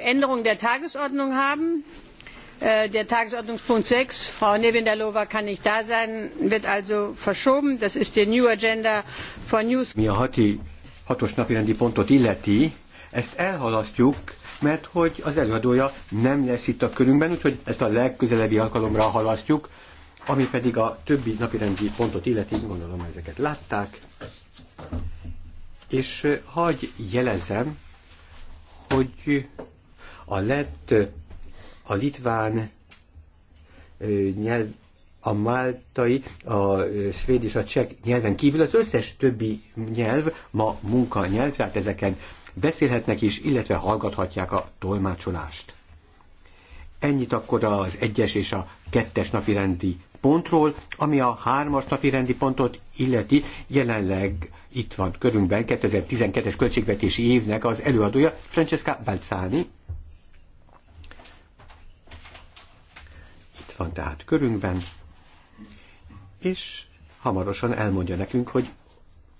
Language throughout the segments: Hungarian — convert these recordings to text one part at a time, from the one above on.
änderung der tagesordnung haben. Äh, der tagesordnungspunkt sechs frau nevealov kann nicht da sein wird also verschoben. das ist die new agenda for news. ami a heti hatos napirendi pontot illeti ezt elhalasztjuk mert hogy az előadója nem lesz itt a körünkben úgyhogy ezt a legközelebbi alkalomra halasztjuk ami pedig a többi napirendi pontot illeti gondolom ezeket látták és hagy jelezem hogy a lett, a litván nyelv, a máltai, a svéd és a cseh nyelven kívül az összes többi nyelv ma munkanyelv, tehát ezeken beszélhetnek is, illetve hallgathatják a tolmácsolást. Ennyit akkor az egyes és a kettes napi rendi pontról, ami a hármas napi rendi pontot illeti, jelenleg itt van körünkben 2012-es költségvetési évnek az előadója, Francesca Balzani van tehát körünkben, és hamarosan elmondja nekünk, hogy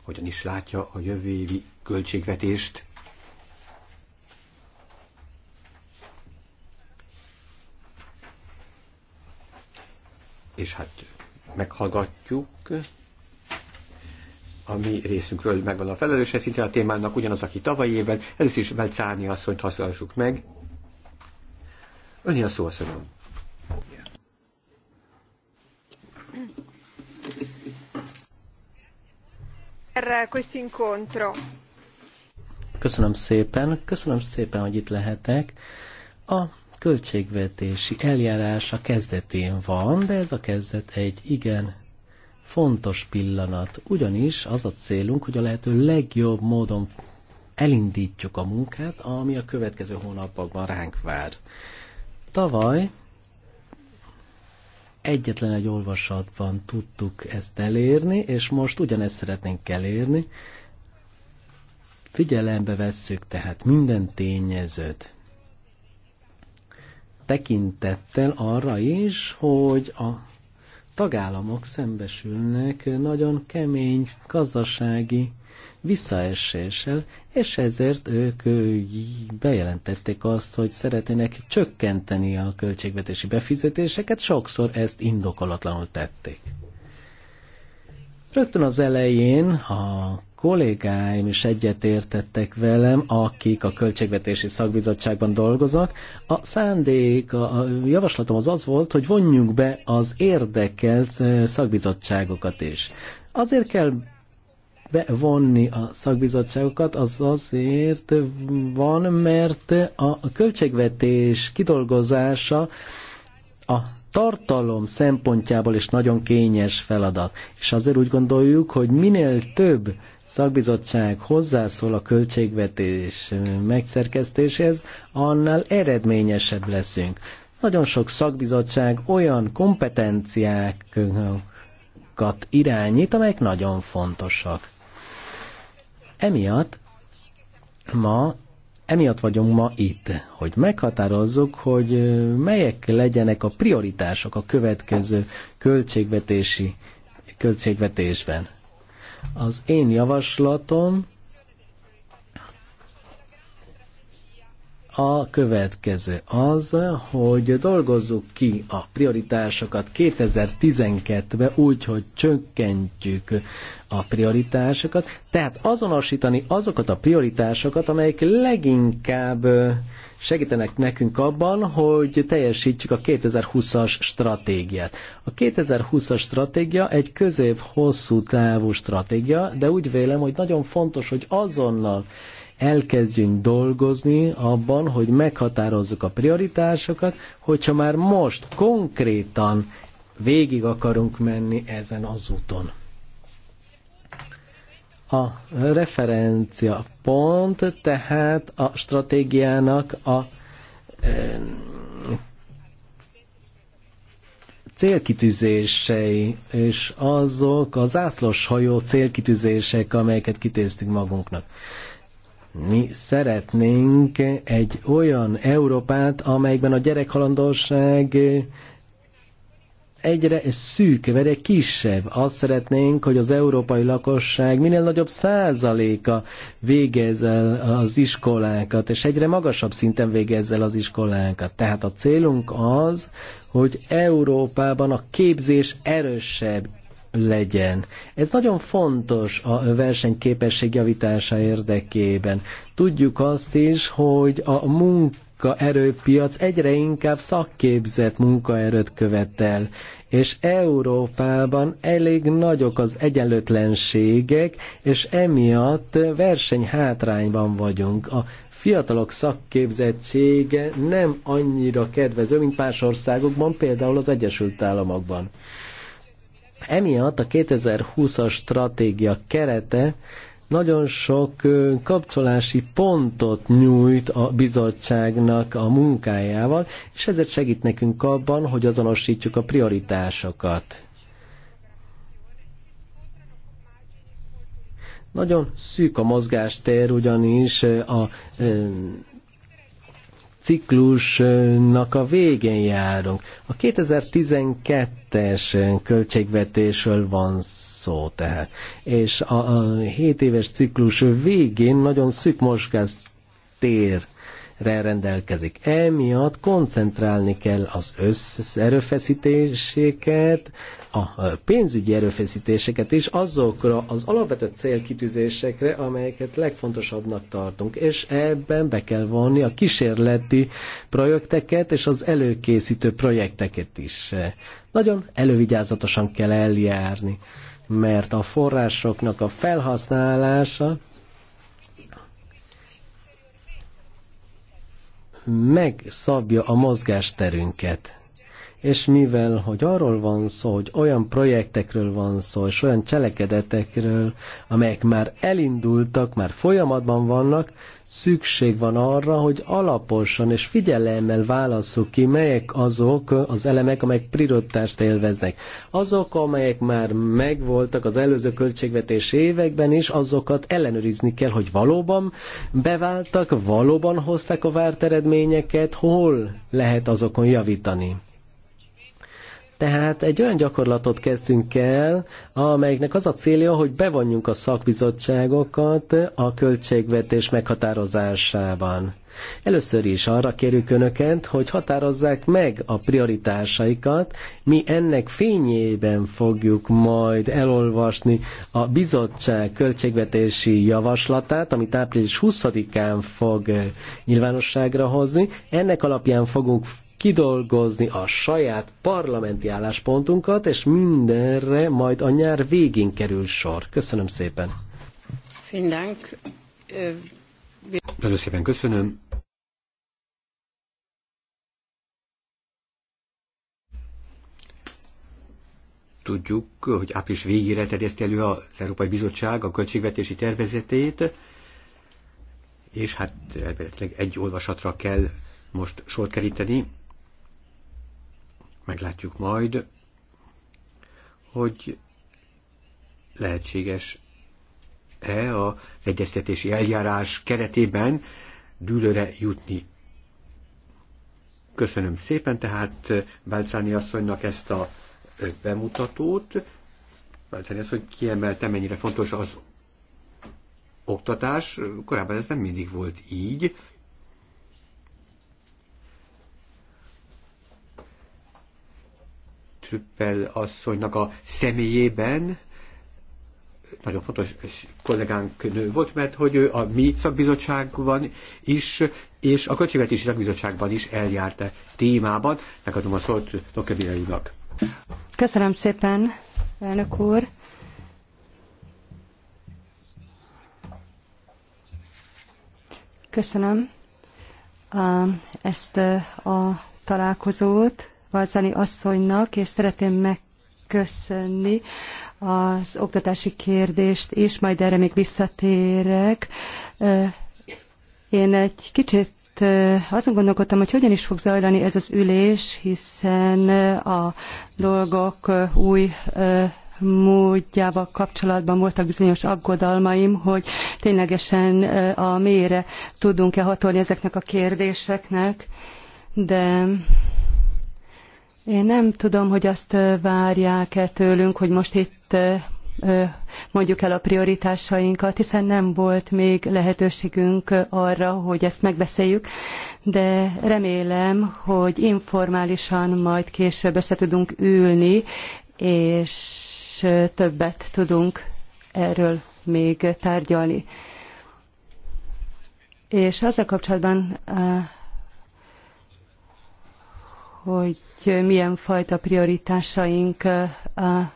hogyan is látja a jövő évi költségvetést. És hát meghallgatjuk a mi részünkről megvan a felelőse szinte a témának, ugyanaz, aki tavalyi évben. Először is azt, asszonyt használjuk meg. Öni a szó, asszonyom. Köszönöm szépen, köszönöm szépen, hogy itt lehetek. A költségvetési eljárás a kezdetén van, de ez a kezdet egy igen fontos pillanat, ugyanis az a célunk, hogy a lehető legjobb módon elindítjuk a munkát, ami a következő hónapokban ránk vár. Tavaly egyetlen egy olvasatban tudtuk ezt elérni, és most ugyanezt szeretnénk elérni. Figyelembe vesszük tehát minden tényezőt. Tekintettel arra is, hogy a tagállamok szembesülnek nagyon kemény gazdasági visszaeséssel, és ezért ők bejelentették azt, hogy szeretnének csökkenteni a költségvetési befizetéseket, sokszor ezt indokolatlanul tették. Rögtön az elején a kollégáim is egyetértettek velem, akik a Költségvetési Szakbizottságban dolgoznak. A szándék, a javaslatom az az volt, hogy vonjunk be az érdekelt szakbizottságokat is. Azért kell bevonni a szakbizottságokat, az azért van, mert a költségvetés kidolgozása a tartalom szempontjából is nagyon kényes feladat. És azért úgy gondoljuk, hogy minél több szakbizottság hozzászól a költségvetés megszerkesztéshez, annál eredményesebb leszünk. Nagyon sok szakbizottság olyan kompetenciákat irányít, amelyek nagyon fontosak. Emiatt ma Emiatt vagyunk ma itt, hogy meghatározzuk, hogy melyek legyenek a prioritások a következő költségvetési költségvetésben. Az én javaslatom a következő az, hogy dolgozzuk ki a prioritásokat 2012-ben úgy, hogy csökkentjük a prioritásokat, tehát azonosítani azokat a prioritásokat, amelyek leginkább segítenek nekünk abban, hogy teljesítsük a 2020-as stratégiát. A 2020-as stratégia egy közép-hosszú távú stratégia, de úgy vélem, hogy nagyon fontos, hogy azonnal elkezdjünk dolgozni abban, hogy meghatározzuk a prioritásokat, hogyha már most konkrétan végig akarunk menni ezen az úton. A referencia pont tehát a stratégiának a eh, célkitűzései, és azok az zászlós hajó célkitűzések, amelyeket kitéztünk magunknak. Mi szeretnénk egy olyan Európát, amelyben a gyerekhalandóság egyre szűk, egyre kisebb. Azt szeretnénk, hogy az európai lakosság minél nagyobb százaléka végez el az iskolákat, és egyre magasabb szinten végez el az iskolákat. Tehát a célunk az, hogy Európában a képzés erősebb, legyen. Ez nagyon fontos a versenyképesség javítása érdekében. Tudjuk azt is, hogy a munka munkaerőpiac egyre inkább szakképzett munkaerőt követel, és Európában elég nagyok az egyenlőtlenségek, és emiatt versenyhátrányban vagyunk. A fiatalok szakképzettsége nem annyira kedvező, mint más országokban, például az Egyesült Államokban. Emiatt a 2020-as stratégia kerete nagyon sok kapcsolási pontot nyújt a bizottságnak a munkájával, és ezért segít nekünk abban, hogy azonosítjuk a prioritásokat. Nagyon szűk a mozgástér ugyanis a ciklusnak a végén járunk. A 2012-es költségvetésről van szó tehát, és a, a 7 éves ciklus végén nagyon szűk mozgást tér rendelkezik. Emiatt koncentrálni kell az összes erőfeszítéseket, a pénzügyi erőfeszítéseket is azokra az alapvető célkitűzésekre, amelyeket legfontosabbnak tartunk, és ebben be kell vonni a kísérleti projekteket és az előkészítő projekteket is. Nagyon elővigyázatosan kell eljárni, mert a forrásoknak a felhasználása megszabja a mozgásterünket. És mivel, hogy arról van szó, hogy olyan projektekről van szó, és olyan cselekedetekről, amelyek már elindultak, már folyamatban vannak, szükség van arra, hogy alaposan és figyelemmel válasszuk ki, melyek azok az elemek, amelyek prioritást élveznek. Azok, amelyek már megvoltak az előző költségvetés években is, azokat ellenőrizni kell, hogy valóban beváltak, valóban hozták a várt eredményeket, hol lehet azokon javítani. Tehát egy olyan gyakorlatot kezdünk el, amelynek az a célja, hogy bevonjunk a szakbizottságokat a költségvetés meghatározásában. Először is arra kérjük Önöket, hogy határozzák meg a prioritásaikat, mi ennek fényében fogjuk majd elolvasni a bizottság költségvetési javaslatát, amit április 20-án fog nyilvánosságra hozni. Ennek alapján fogunk kidolgozni a saját parlamenti álláspontunkat, és mindenre majd a nyár végén kerül sor. Köszönöm szépen. Nagyon szépen köszönöm. Tudjuk, hogy április végére terjeszt elő az Európai Bizottság a költségvetési tervezetét, és hát elméletileg egy olvasatra kell most sort keríteni, Meglátjuk majd, hogy lehetséges-e a egyeztetési eljárás keretében dűlőre jutni. Köszönöm szépen tehát Bálcáni asszonynak ezt a bemutatót. Bálcáni asszony kiemelte, mennyire fontos az oktatás. Korábban ez nem mindig volt így. Trüppel asszonynak a személyében, nagyon fontos kollégánk nő volt, mert hogy ő a mi szakbizottságban is, és a költségvetési szakbizottságban is eljárt a e témában. Megadom a szót Dr. Mirainak. Köszönöm szépen, elnök úr. Köszönöm ezt a találkozót. Balzani asszonynak, és szeretném megköszönni az oktatási kérdést is, majd erre még visszatérek. Én egy kicsit azon gondolkodtam, hogy hogyan is fog zajlani ez az ülés, hiszen a dolgok új módjával kapcsolatban voltak bizonyos aggodalmaim, hogy ténylegesen a mélyre tudunk-e hatolni ezeknek a kérdéseknek, de én nem tudom, hogy azt várják-e tőlünk, hogy most itt mondjuk el a prioritásainkat, hiszen nem volt még lehetőségünk arra, hogy ezt megbeszéljük, de remélem, hogy informálisan majd később össze tudunk ülni, és többet tudunk erről még tárgyalni. És azzal kapcsolatban hogy milyen fajta prioritásaink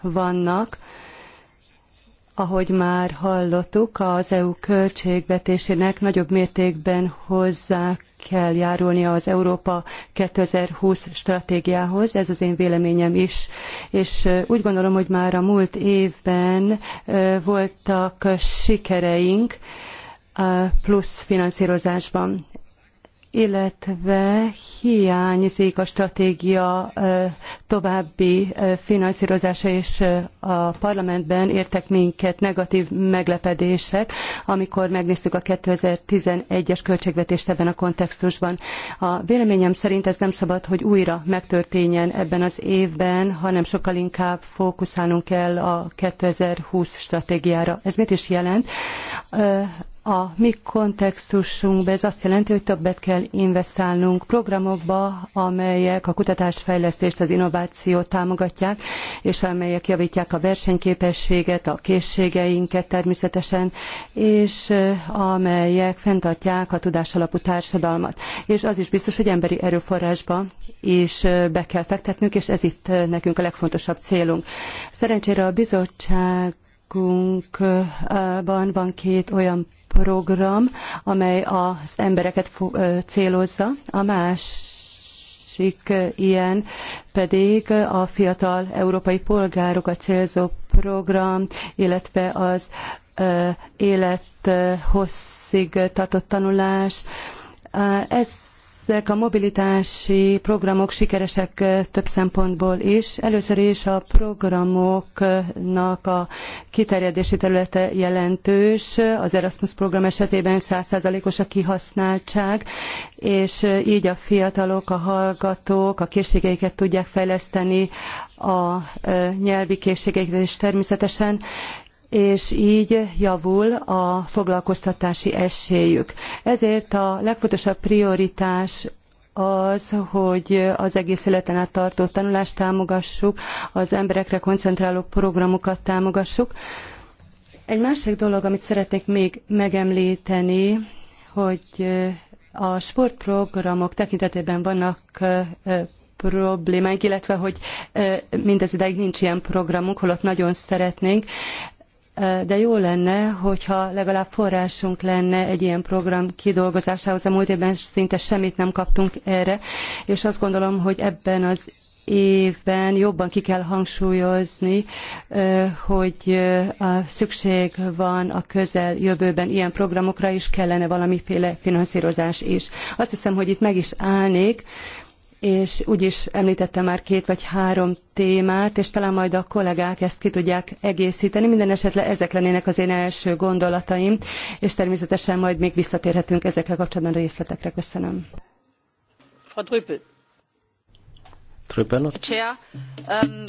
vannak. Ahogy már hallottuk, az EU költségvetésének nagyobb mértékben hozzá kell járulnia az Európa 2020 stratégiához, ez az én véleményem is. És úgy gondolom, hogy már a múlt évben voltak sikereink plusz finanszírozásban illetve hiányzik a stratégia további finanszírozása, és a parlamentben értek minket negatív meglepedések, amikor megnéztük a 2011-es költségvetést ebben a kontextusban. A véleményem szerint ez nem szabad, hogy újra megtörténjen ebben az évben, hanem sokkal inkább fókuszálnunk kell a 2020 stratégiára. Ez mit is jelent? A mi kontextusunkban ez azt jelenti, hogy többet kell investálnunk programokba, amelyek a kutatásfejlesztést, az innovációt támogatják, és amelyek javítják a versenyképességet, a készségeinket természetesen, és amelyek fenntartják a tudásalapú társadalmat. És az is biztos, hogy emberi erőforrásba is be kell fektetnünk, és ez itt nekünk a legfontosabb célunk. Szerencsére a bizottság van két olyan program, amely az embereket célozza. A másik ilyen pedig a fiatal európai polgárokat célzó program, illetve az élethosszig tartott tanulás. Ez ezek a mobilitási programok sikeresek több szempontból is. Először is a programoknak a kiterjedési területe jelentős. Az Erasmus program esetében 100%-os a kihasználtság, és így a fiatalok, a hallgatók a készségeiket tudják fejleszteni, a nyelvi készségeiket és természetesen, és így javul a foglalkoztatási esélyük. Ezért a legfontosabb prioritás az, hogy az egész életen át tartó tanulást támogassuk, az emberekre koncentráló programokat támogassuk. Egy másik dolog, amit szeretnék még megemlíteni, hogy a sportprogramok tekintetében vannak problémáink, illetve hogy mindez ideig nincs ilyen programunk, holott nagyon szeretnénk de jó lenne, hogyha legalább forrásunk lenne egy ilyen program kidolgozásához. A múlt évben szinte semmit nem kaptunk erre, és azt gondolom, hogy ebben az évben jobban ki kell hangsúlyozni, hogy szükség van a közeljövőben ilyen programokra is, kellene valamiféle finanszírozás is. Azt hiszem, hogy itt meg is állnék, és úgy is említettem már két vagy három témát, és talán majd a kollégák ezt ki tudják egészíteni. Minden esetre ezek lennének az én első gondolataim, és természetesen majd még visszatérhetünk ezekkel kapcsolatban részletekre. Köszönöm. Frau Um,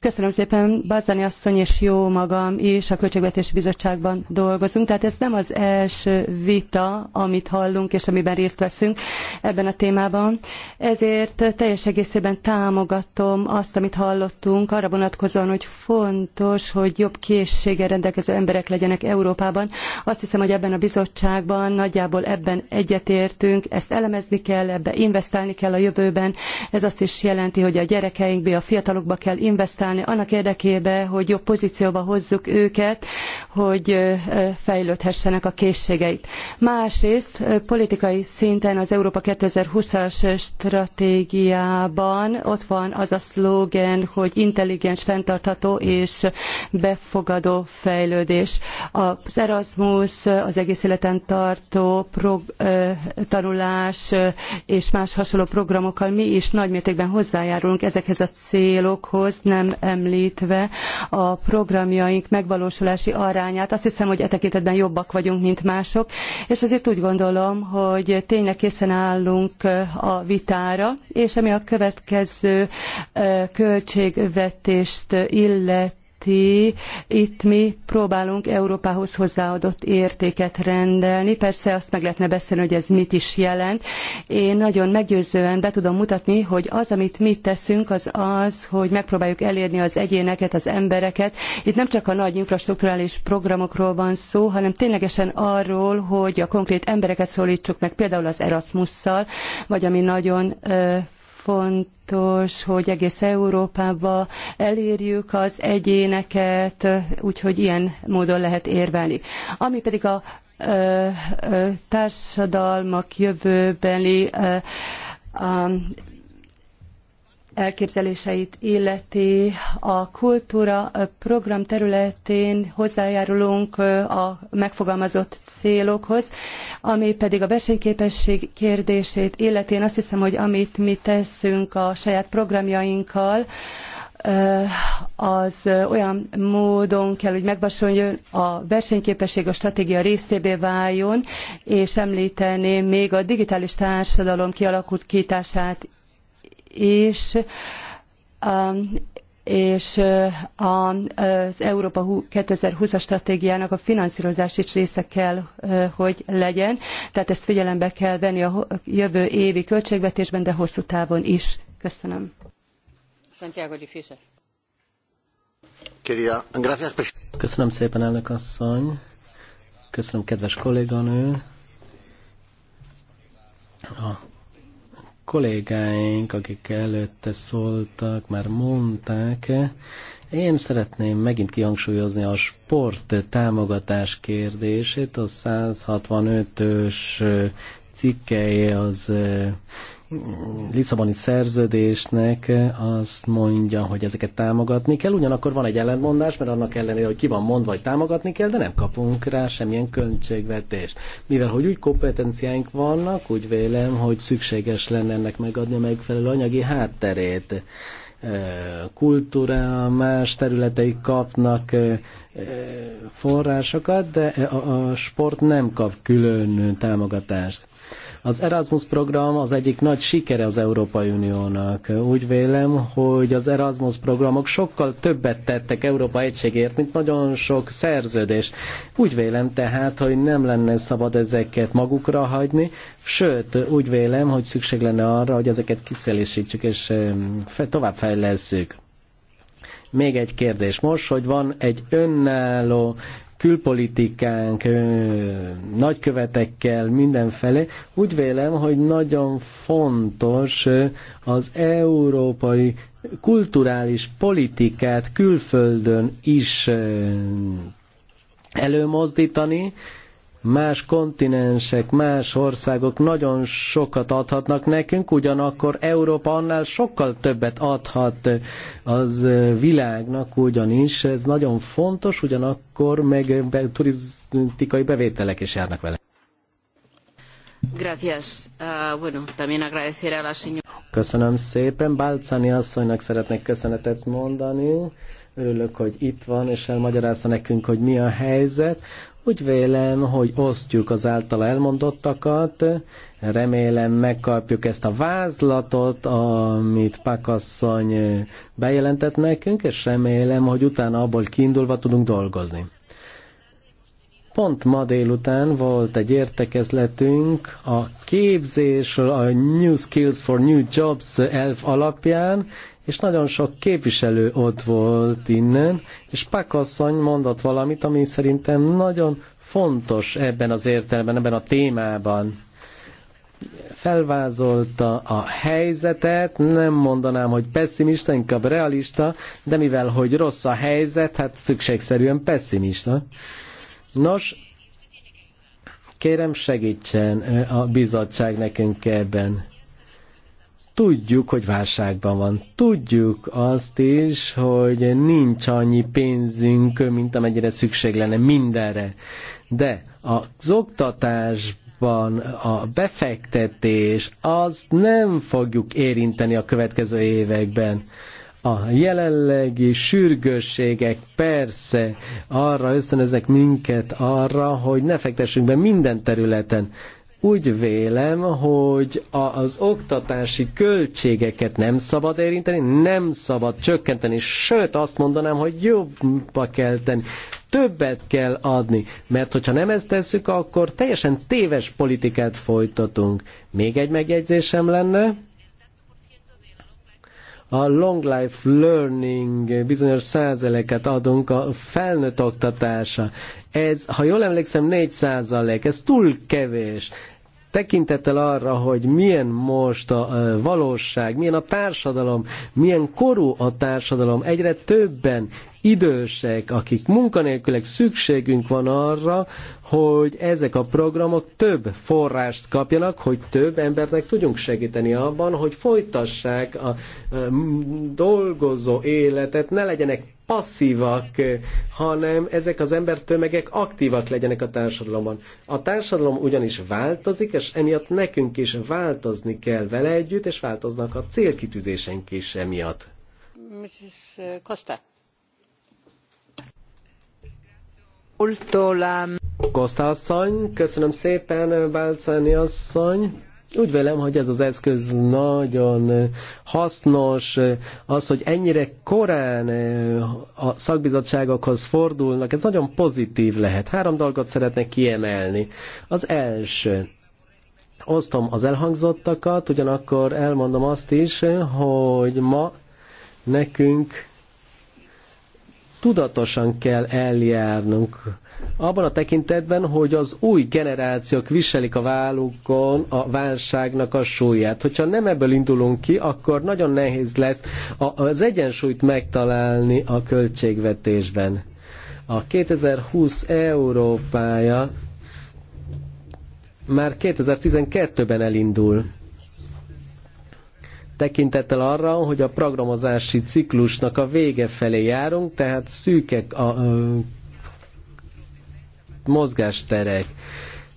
Köszönöm szépen, Balzani asszony és jó magam is a Költségvetési Bizottságban dolgozunk, tehát ez nem az első vita, amit hallunk és amiben részt veszünk ebben a témában. Ezért teljes egészében támogatom azt, amit hallottunk, arra vonatkozóan, hogy fontos, hogy jobb készséggel rendelkező emberek legyenek Európában. Azt hiszem, hogy ebben a bizottságban nagyjából ebben egyetértünk, ezt elemezni kell, ebbe investálni kell a jövőben, területen. Ez azt is jelenti, hogy a gyerekeinkbe, a fiatalokba kell investálni annak érdekében, hogy jobb pozícióba hozzuk őket, hogy fejlődhessenek a készségeit. Másrészt politikai szinten az Európa 2020-as stratégiában ott van az a szlógen, hogy intelligens, fenntartható és befogadó fejlődés. Az Erasmus, az egész életen tartó tanulás és más hasonló programokkal mi is nagymértékben hozzájárulunk ezekhez a célokhoz, nem említve a programjaink megvalósulási arányát. Azt hiszem, hogy e tekintetben jobbak vagyunk, mint mások, és azért úgy gondolom, hogy tényleg készen állunk a vitára, és ami a következő költségvetést illet, illeti, itt mi próbálunk Európához hozzáadott értéket rendelni. Persze azt meg lehetne beszélni, hogy ez mit is jelent. Én nagyon meggyőzően be tudom mutatni, hogy az, amit mi teszünk, az az, hogy megpróbáljuk elérni az egyéneket, az embereket. Itt nem csak a nagy infrastrukturális programokról van szó, hanem ténylegesen arról, hogy a konkrét embereket szólítsuk meg, például az Erasmusszal, vagy ami nagyon fontos, hogy egész Európába elérjük az egyéneket, úgyhogy ilyen módon lehet érvelni. Ami pedig a társadalmak jövőbeli elképzeléseit illeti, a kultúra program területén hozzájárulunk a megfogalmazott célokhoz, ami pedig a versenyképesség kérdését illeti. Én azt hiszem, hogy amit mi teszünk a saját programjainkkal, az olyan módon kell, hogy megvasoljon a versenyképesség a stratégia résztévé váljon, és említeném még a digitális társadalom kialakult kitását is, és um, uh, az Európa 2020-as stratégiának a finanszírozás is része kell, uh, hogy legyen. Tehát ezt figyelembe kell venni a jövő évi költségvetésben, de hosszú távon is. Köszönöm. Santiago de Difícil. Köszönöm szépen, elnök asszony. Köszönöm, kedves kolléganő. A kollégáink, akik előtte szóltak, már mondták, én szeretném megint kihangsúlyozni a sport támogatás kérdését, a 165-ös cikkeje az Lisszaboni szerződésnek azt mondja, hogy ezeket támogatni kell, ugyanakkor van egy ellentmondás, mert annak ellenére, hogy ki van mondva, hogy támogatni kell, de nem kapunk rá semmilyen költségvetést. Mivel, hogy úgy kompetenciáink vannak, úgy vélem, hogy szükséges lenne ennek megadni a megfelelő anyagi hátterét kultúra, más területei kapnak forrásokat, de a sport nem kap külön támogatást. Az Erasmus program az egyik nagy sikere az Európai Uniónak. Úgy vélem, hogy az Erasmus programok sokkal többet tettek Európa egységért, mint nagyon sok szerződés. Úgy vélem tehát, hogy nem lenne szabad ezeket magukra hagyni, sőt, úgy vélem, hogy szükség lenne arra, hogy ezeket kiszélésítsük és továbbfejlesszük. Még egy kérdés most, hogy van egy önálló külpolitikánk nagykövetekkel mindenfelé. úgy vélem, hogy nagyon fontos az európai kulturális politikát külföldön is előmozdítani, Más kontinensek, más országok nagyon sokat adhatnak nekünk, ugyanakkor Európa annál sokkal többet adhat az világnak, ugyanis ez nagyon fontos, ugyanakkor meg be, turisztikai bevételek is járnak vele. Gracias. Uh, bueno, también agradecer a la señora. Köszönöm szépen. Balcani asszonynak szeretnék köszönetet mondani. Örülök, hogy itt van, és elmagyarázza nekünk, hogy mi a helyzet. Úgy vélem, hogy osztjuk az által elmondottakat, remélem megkapjuk ezt a vázlatot, amit Pakasszony bejelentett nekünk, és remélem, hogy utána abból kiindulva tudunk dolgozni. Pont ma délután volt egy értekezletünk a képzésről, a New Skills for New Jobs elf alapján, és nagyon sok képviselő ott volt innen, és Pakasszony mondott valamit, ami szerintem nagyon fontos ebben az értelemben, ebben a témában. Felvázolta a helyzetet, nem mondanám, hogy pessimista, inkább realista, de mivel, hogy rossz a helyzet, hát szükségszerűen pessimista. Nos, kérem segítsen eh, a bizottság nekünk ebben Tudjuk, hogy válságban van. Tudjuk azt is, hogy nincs annyi pénzünk, mint amennyire szükség lenne mindenre. De az oktatás van a befektetés, azt nem fogjuk érinteni a következő években. A jelenlegi sürgősségek persze arra ösztönöznek minket arra, hogy ne fektessünk be minden területen úgy vélem, hogy az oktatási költségeket nem szabad érinteni, nem szabad csökkenteni, sőt azt mondanám, hogy jobbba kell tenni, többet kell adni, mert hogyha nem ezt tesszük, akkor teljesen téves politikát folytatunk. Még egy megjegyzésem lenne, a long life learning bizonyos százaléket adunk a felnőtt oktatása. Ez, ha jól emlékszem, 4 százalék, ez túl kevés tekintettel arra, hogy milyen most a valóság, milyen a társadalom, milyen korú a társadalom, egyre többen idősek, akik munkanélkülek, szükségünk van arra, hogy ezek a programok több forrást kapjanak, hogy több embernek tudjunk segíteni abban, hogy folytassák a dolgozó életet, ne legyenek passzívak, hanem ezek az embertömegek aktívak legyenek a társadalomban. A társadalom ugyanis változik, és emiatt nekünk is változni kell vele együtt, és változnak a célkitűzéseink is emiatt. Mrs. Eh, Costa. Kosta asszony, köszönöm szépen, Bálcáni asszony. Úgy vélem, hogy ez az eszköz nagyon hasznos, az, hogy ennyire korán a szakbizottságokhoz fordulnak, ez nagyon pozitív lehet. Három dolgot szeretnék kiemelni. Az első, osztom az elhangzottakat, ugyanakkor elmondom azt is, hogy ma nekünk tudatosan kell eljárnunk. Abban a tekintetben, hogy az új generációk viselik a vállukon a válságnak a súlyát. Hogyha nem ebből indulunk ki, akkor nagyon nehéz lesz az egyensúlyt megtalálni a költségvetésben. A 2020 Európája már 2012-ben elindul tekintettel arra, hogy a programozási ciklusnak a vége felé járunk, tehát szűkek a, a mozgásterek.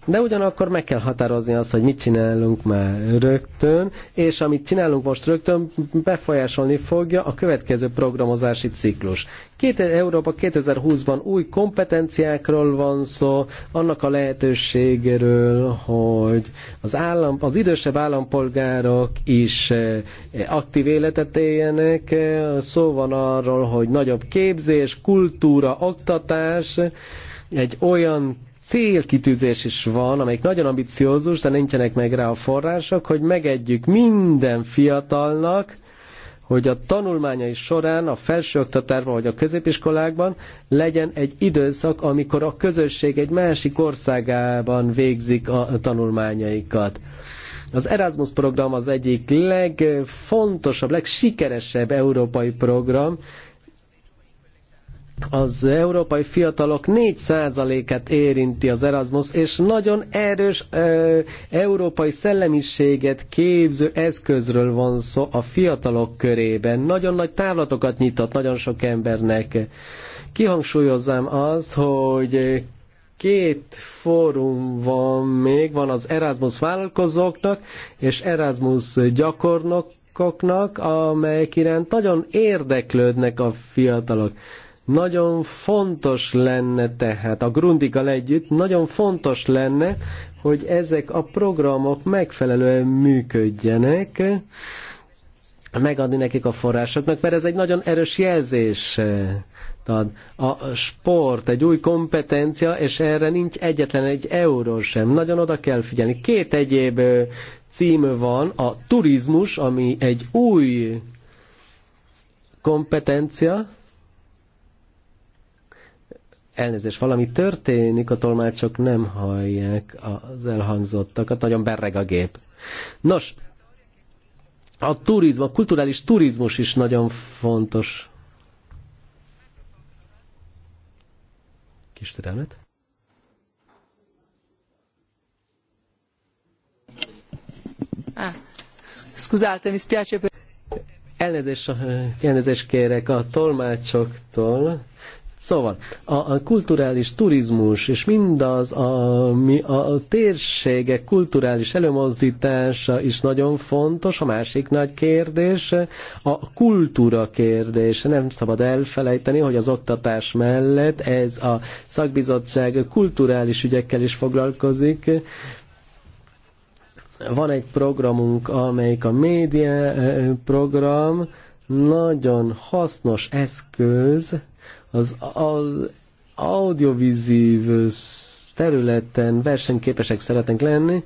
De ugyanakkor meg kell határozni azt, hogy mit csinálunk már rögtön, és amit csinálunk most rögtön, befolyásolni fogja a következő programozási ciklus. Két, Európa 2020-ban új kompetenciákról van szó, annak a lehetőségéről, hogy az, állam, az idősebb állampolgárok is eh, aktív életet éljenek. Szó van arról, hogy nagyobb képzés, kultúra, oktatás, egy olyan célkitűzés is van, amelyik nagyon ambiciózus, de nincsenek meg rá a források, hogy megedjük minden fiatalnak, hogy a tanulmányai során a felsőoktatásban vagy a középiskolákban legyen egy időszak, amikor a közösség egy másik országában végzik a tanulmányaikat. Az Erasmus program az egyik legfontosabb, legsikeresebb európai program, az európai fiatalok 4%-át érinti az Erasmus, és nagyon erős ö, európai szellemiséget képző eszközről van szó a fiatalok körében. Nagyon nagy távlatokat nyitott nagyon sok embernek. Kihangsúlyozzám azt, hogy két fórum van még, van az Erasmus vállalkozóknak és Erasmus gyakornokoknak, amelyek iránt nagyon érdeklődnek a fiatalok. Nagyon fontos lenne tehát, a Grundigal együtt, nagyon fontos lenne, hogy ezek a programok megfelelően működjenek, megadni nekik a forrásoknak, mert ez egy nagyon erős jelzés tehát A sport egy új kompetencia, és erre nincs egyetlen egy euró sem. Nagyon oda kell figyelni. Két egyéb eh, cím van, a turizmus, ami egy új kompetencia, Elnézést, valami történik, a tolmácsok nem hallják az elhangzottakat, nagyon berreg a gép. Nos, a turizm, a kulturális turizmus is nagyon fontos. Kis türelmet. Ah, scusate, mi spiace per... Elnézést, elnézést kérek a tolmácsoktól, Szóval a, kulturális turizmus és mindaz, ami a, a térségek kulturális előmozdítása is nagyon fontos. A másik nagy kérdés a kultúra kérdése. Nem szabad elfelejteni, hogy az oktatás mellett ez a szakbizottság kulturális ügyekkel is foglalkozik van egy programunk, amelyik a média eh, program, nagyon hasznos eszköz az, az audiovizív területen versenyképesek szeretnénk lenni,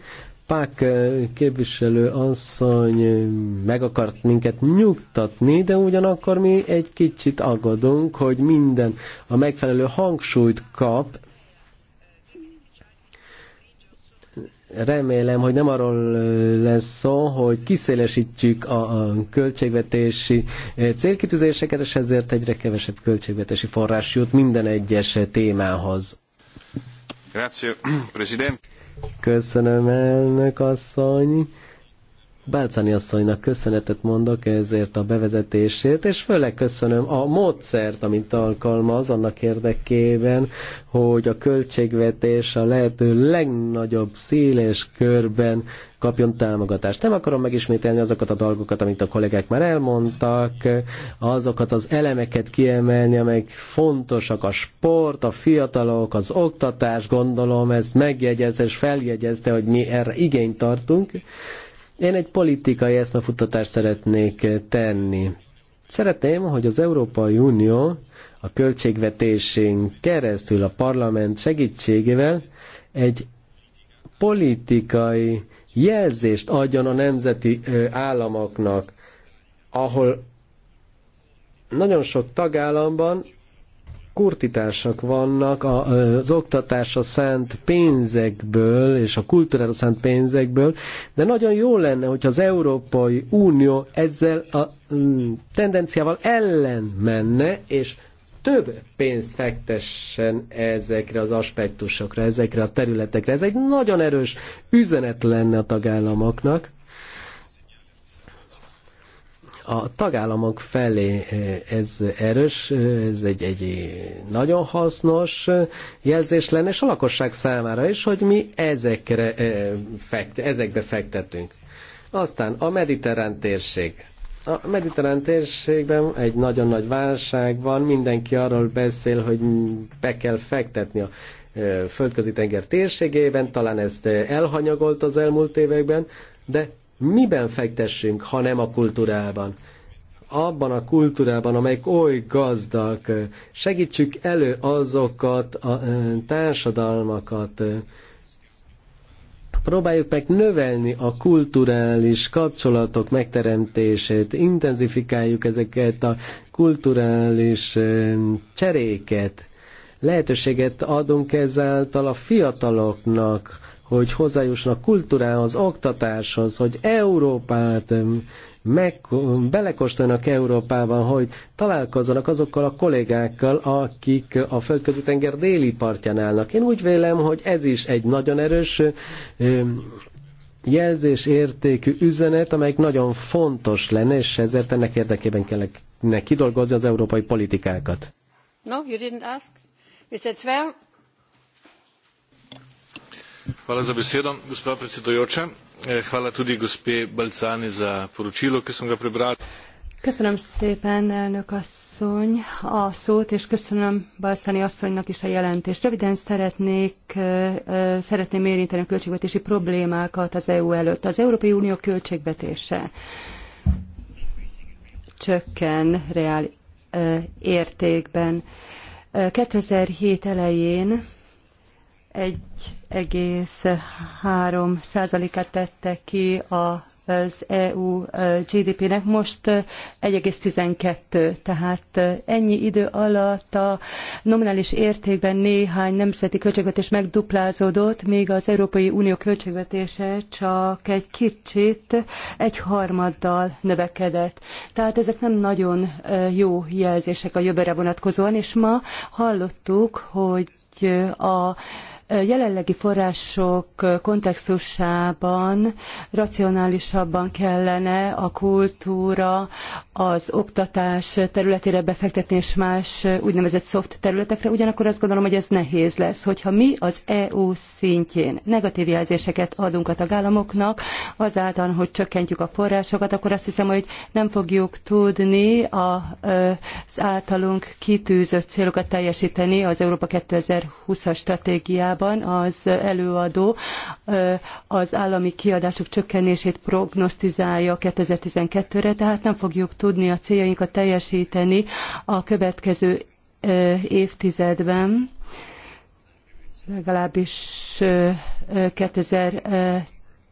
Pák képviselő asszony meg akart minket nyugtatni, de ugyanakkor mi egy kicsit aggódunk, hogy minden a megfelelő hangsúlyt kap, Remélem, hogy nem arról lesz szó, hogy kiszélesítjük a, a költségvetési célkitűzéseket, és ezért egyre kevesebb költségvetési forrás jut minden egyes témához. Grazie, President. Köszönöm, elnök asszony. Bálcani asszonynak köszönetet mondok ezért a bevezetésért, és főleg köszönöm a módszert, amit alkalmaz annak érdekében, hogy a költségvetés a lehető legnagyobb széles körben kapjon támogatást. Nem akarom megismételni azokat a dolgokat, amit a kollégák már elmondtak, azokat az elemeket kiemelni, amelyek fontosak, a sport, a fiatalok, az oktatás, gondolom ezt megjegyezte és feljegyezte, hogy mi erre igényt tartunk. Én egy politikai eszmefuttatást szeretnék tenni. Szeretném, hogy az Európai Unió a költségvetésén keresztül a parlament segítségével egy politikai jelzést adjon a nemzeti államoknak, ahol nagyon sok tagállamban kurtitások vannak az a szent pénzekből és a kulturális szent pénzekből, de nagyon jó lenne, hogyha az Európai Unió ezzel a mm, tendenciával ellen menne, és több pénzt fektessen ezekre az aspektusokra, ezekre a területekre. Ez egy nagyon erős üzenet lenne a tagállamoknak, a tagállamok felé e, ez erős, e, ez egy, egy nagyon hasznos jelzés lenne, és a lakosság számára is, hogy mi ezekre, e, ezekbe fektetünk. Aztán a mediterrán térség. A mediterrán térségben egy nagyon nagy válság van, mindenki arról beszél, hogy be kell fektetni a földközi tenger térségében, talán ezt elhanyagolt az elmúlt években, de miben fektessünk, ha nem a kultúrában abban a kultúrában, amelyik oly gazdag, segítsük elő azokat a társadalmakat, próbáljuk meg növelni a kulturális kapcsolatok megteremtését, intenzifikáljuk ezeket a kulturális cseréket, lehetőséget adunk ezáltal a fiataloknak, hogy hozzájussnak kultúrához, oktatáshoz, hogy Európát meg, Európában, hogy találkozzanak azokkal a kollégákkal, akik a földközi tenger déli partján állnak. Én úgy vélem, hogy ez is egy nagyon erős jelzésértékű üzenet, amelyik nagyon fontos lenne, és ezért ennek érdekében kellene kidolgozni az európai politikákat. No, you didn't ask. said well. Hvala za besedo, gospa predsedujoča. Eh, hvala tudi gospe Balcani za poročilo, ki sem ga prebral. Köszönöm szépen, elnök asszony, a szót, és köszönöm Balszani asszonynak is a jelentést. Röviden szeretnék, eh, eh, szeretném érinteni a költségvetési problémákat az EU előtt. Az Európai Unió költségvetése csökken reál értékben. 2007 elején 1,3%-át tette ki a az EU GDP-nek, most 1,12, tehát ennyi idő alatt a nominális értékben néhány nemzeti költségvetés megduplázódott, míg az Európai Unió költségvetése csak egy kicsit egy harmaddal növekedett. Tehát ezek nem nagyon jó jelzések a jövőre vonatkozóan, és ma hallottuk, hogy a jelenlegi források kontextusában racionálisabban kellene a kultúra, az oktatás területére befektetni, és más úgynevezett szoft területekre. Ugyanakkor azt gondolom, hogy ez nehéz lesz. Hogyha mi az EU szintjén negatív jelzéseket adunk a tagállamoknak, azáltal, hogy csökkentjük a forrásokat, akkor azt hiszem, hogy nem fogjuk tudni az általunk kitűzött célokat teljesíteni az Európa 2020-as stratégiában korábban az előadó az állami kiadások csökkenését prognosztizálja 2012-re, tehát nem fogjuk tudni a céljainkat teljesíteni a következő évtizedben, legalábbis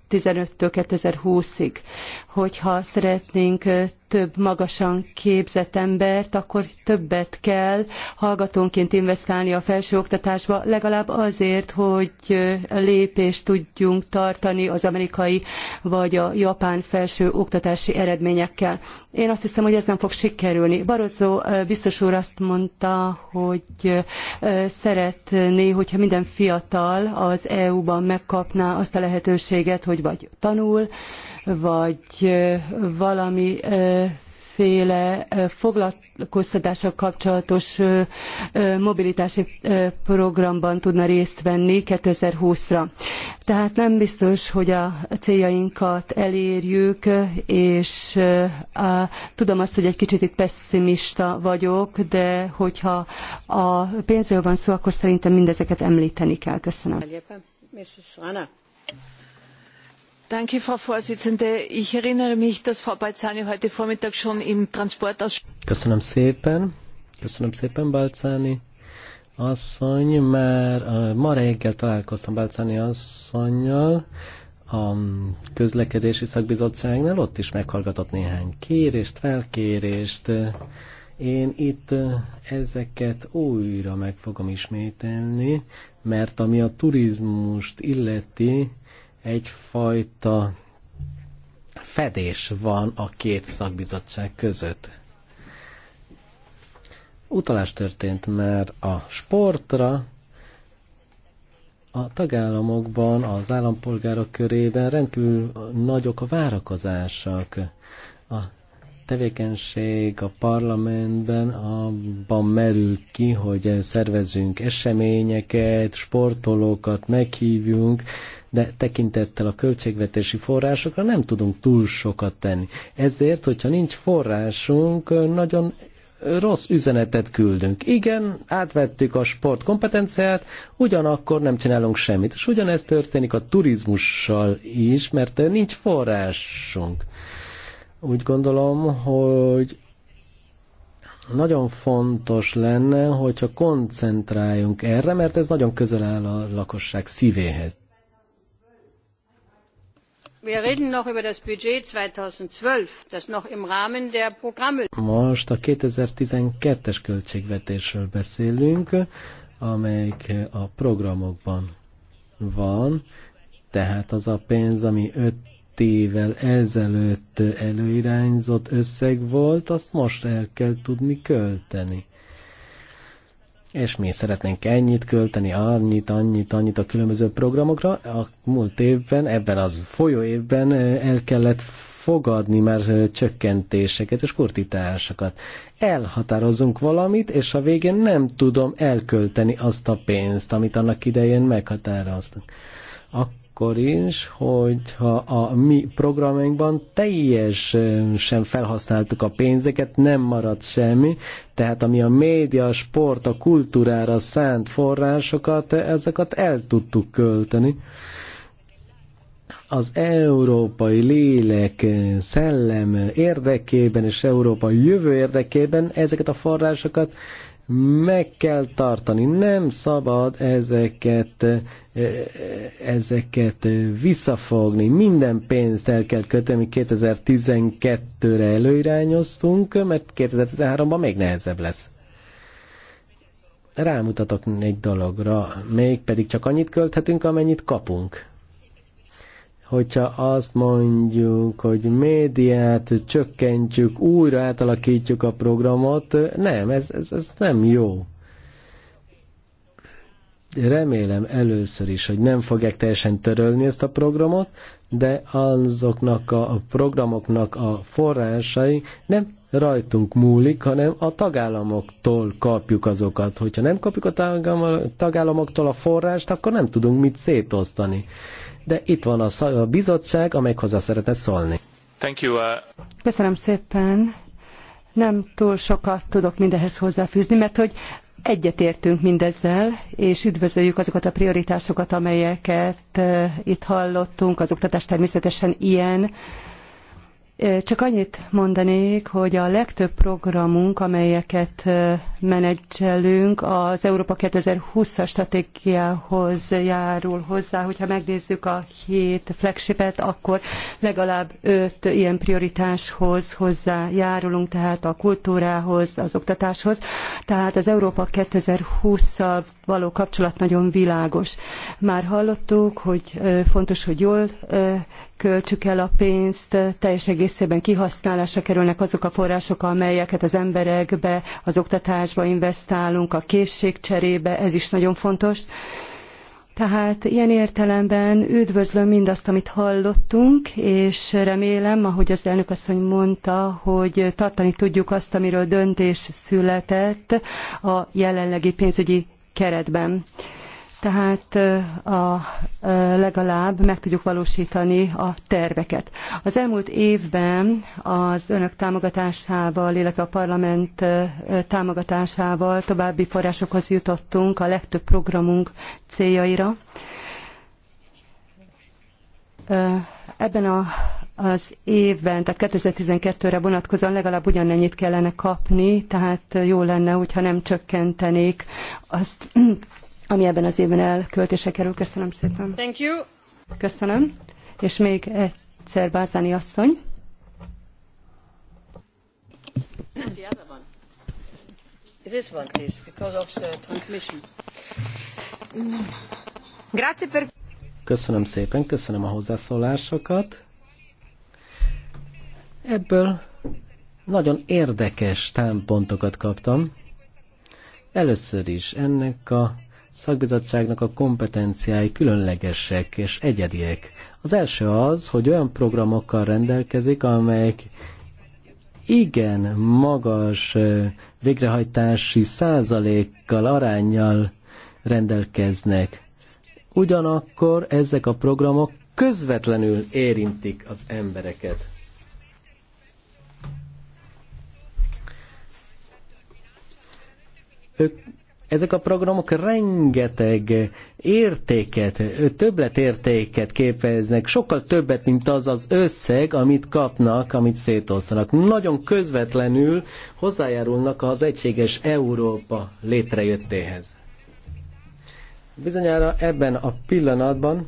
2015-től 2020-ig. Hogyha szeretnénk több magasan képzett embert, akkor többet kell hallgatónként investálni a felsőoktatásba, legalább azért, hogy lépést tudjunk tartani az amerikai vagy a japán felsőoktatási eredményekkel. Én azt hiszem, hogy ez nem fog sikerülni. Barozó biztos úr azt mondta, hogy szeretné, hogyha minden fiatal az EU-ban megkapná azt a lehetőséget, hogy vagy tanul, vagy valami féle foglalkoztatással kapcsolatos mobilitási programban tudna részt venni 2020-ra. Tehát nem biztos, hogy a céljainkat elérjük, és tudom azt, hogy egy kicsit itt pessimista vagyok, de hogyha a pénzről van szó, akkor szerintem mindezeket említeni kell. Köszönöm. Frau Vorsitzende. Ich erinnere mich, dass Frau Balzani heute Vormittag schon im Transportausschuss... Köszönöm szépen. Köszönöm szépen, Balcáni asszony, mert uh, reggel találkoztam Balcáni asszonynal a közlekedési szakbizottságnál, ott is meghallgatott néhány kérést, felkérést. Én itt ezeket újra meg fogom ismételni, mert ami a turizmust illeti, egyfajta fedés van a két szakbizottság között. Utalás történt már a sportra, a tagállamokban, az állampolgárok körében rendkívül nagyok a várakozások. A tevékenység a parlamentben abban merül ki, hogy szervezzünk eseményeket, sportolókat meghívjunk, de tekintettel a költségvetési forrásokra nem tudunk túl sokat tenni. Ezért, hogyha nincs forrásunk, nagyon rossz üzenetet küldünk. Igen, átvettük a sport kompetenciát, ugyanakkor nem csinálunk semmit. És ugyanezt történik a turizmussal is, mert nincs forrásunk. Úgy gondolom, hogy nagyon fontos lenne, hogyha koncentráljunk erre, mert ez nagyon közel áll a lakosság szívéhez. Wir reden noch über das Budget 2012, das noch im Rahmen der Programme. Most a 2012-es költségvetésről beszélünk, amelyik a programokban van, tehát az a pénz, ami 5 évvel ezelőtt előirányzott összeg volt, azt most el kell tudni költeni és mi szeretnénk ennyit költeni, annyit, annyit, annyit a különböző programokra. A múlt évben, ebben az folyó évben el kellett fogadni már csökkentéseket és kurtításokat. Elhatározunk valamit, és a végén nem tudom elkölteni azt a pénzt, amit annak idején meghatároztunk. Ak akkor is, hogyha a mi programjainkban teljesen felhasználtuk a pénzeket, nem maradt semmi, tehát ami a média, a sport, a kultúrára szánt forrásokat, ezeket el tudtuk költeni az európai lélek, szellem érdekében és Európa jövő érdekében ezeket a forrásokat meg kell tartani, nem szabad ezeket, eh, ezeket eh, visszafogni. Minden pénzt el kell kötni, 2012-re előirányoztunk, mert 2013-ban még nehezebb lesz. Rámutatok egy dologra, még pedig csak annyit költhetünk, amennyit kapunk hogyha azt mondjuk, hogy médiát csökkentjük, újra átalakítjuk a programot, nem, ez, ez, ez nem jó. Remélem először is, hogy nem fogják teljesen törölni ezt a programot, de azoknak a programoknak a forrásai nem rajtunk múlik, hanem a tagállamoktól kapjuk azokat. Hogyha nem kapjuk a tagállamoktól a forrást, akkor nem tudunk mit szétosztani de itt van a, bizottság, amelyik hozzá szeretne szólni. Thank you, uh... Köszönöm szépen. Nem túl sokat tudok mindehhez hozzáfűzni, mert hogy Egyetértünk mindezzel, és üdvözöljük azokat a prioritásokat, amelyeket uh, itt hallottunk. Az oktatás természetesen ilyen, csak annyit mondanék, hogy a legtöbb programunk, amelyeket menedzselünk, az Európa 2020-as stratégiához járul hozzá. Hogyha megnézzük a hét flagshipet, akkor legalább öt ilyen prioritáshoz hozzájárulunk, tehát a kultúrához, az oktatáshoz. Tehát az Európa 2020-szal való kapcsolat nagyon világos. Már hallottuk, hogy fontos, hogy jól költsük el a pénzt, teljes egészében kihasználásra kerülnek azok a források, amelyeket az emberekbe, az oktatásba investálunk, a készségcserébe, ez is nagyon fontos. Tehát ilyen értelemben üdvözlöm mindazt, amit hallottunk, és remélem, ahogy az elnök asszony mondta, hogy tartani tudjuk azt, amiről döntés született a jelenlegi pénzügyi keretben tehát a, legalább meg tudjuk valósítani a terveket. Az elmúlt évben az önök támogatásával, illetve a parlament támogatásával további forrásokhoz jutottunk a legtöbb programunk céljaira. Ebben a az évben, tehát 2012-re vonatkozóan legalább ugyanennyit kellene kapni, tehát jó lenne, hogyha nem csökkentenék azt ami ebben az évben elköltése kerül. Köszönöm szépen. Thank you. Köszönöm. És még egyszer Bázáni asszony. This one, please, because of the transmission. Grazie per... Köszönöm szépen, köszönöm a hozzászólásokat. Ebből nagyon érdekes támpontokat kaptam. Először is ennek a szakbizottságnak a kompetenciái különlegesek és egyediek. Az első az, hogy olyan programokkal rendelkezik, amelyek igen magas végrehajtási százalékkal, arányjal rendelkeznek. Ugyanakkor ezek a programok közvetlenül érintik az embereket. Ők ezek a programok rengeteg értéket, többletértéket képeznek, sokkal többet, mint az az összeg, amit kapnak, amit szétosztanak. Nagyon közvetlenül hozzájárulnak az egységes Európa létrejöttéhez. Bizonyára ebben a pillanatban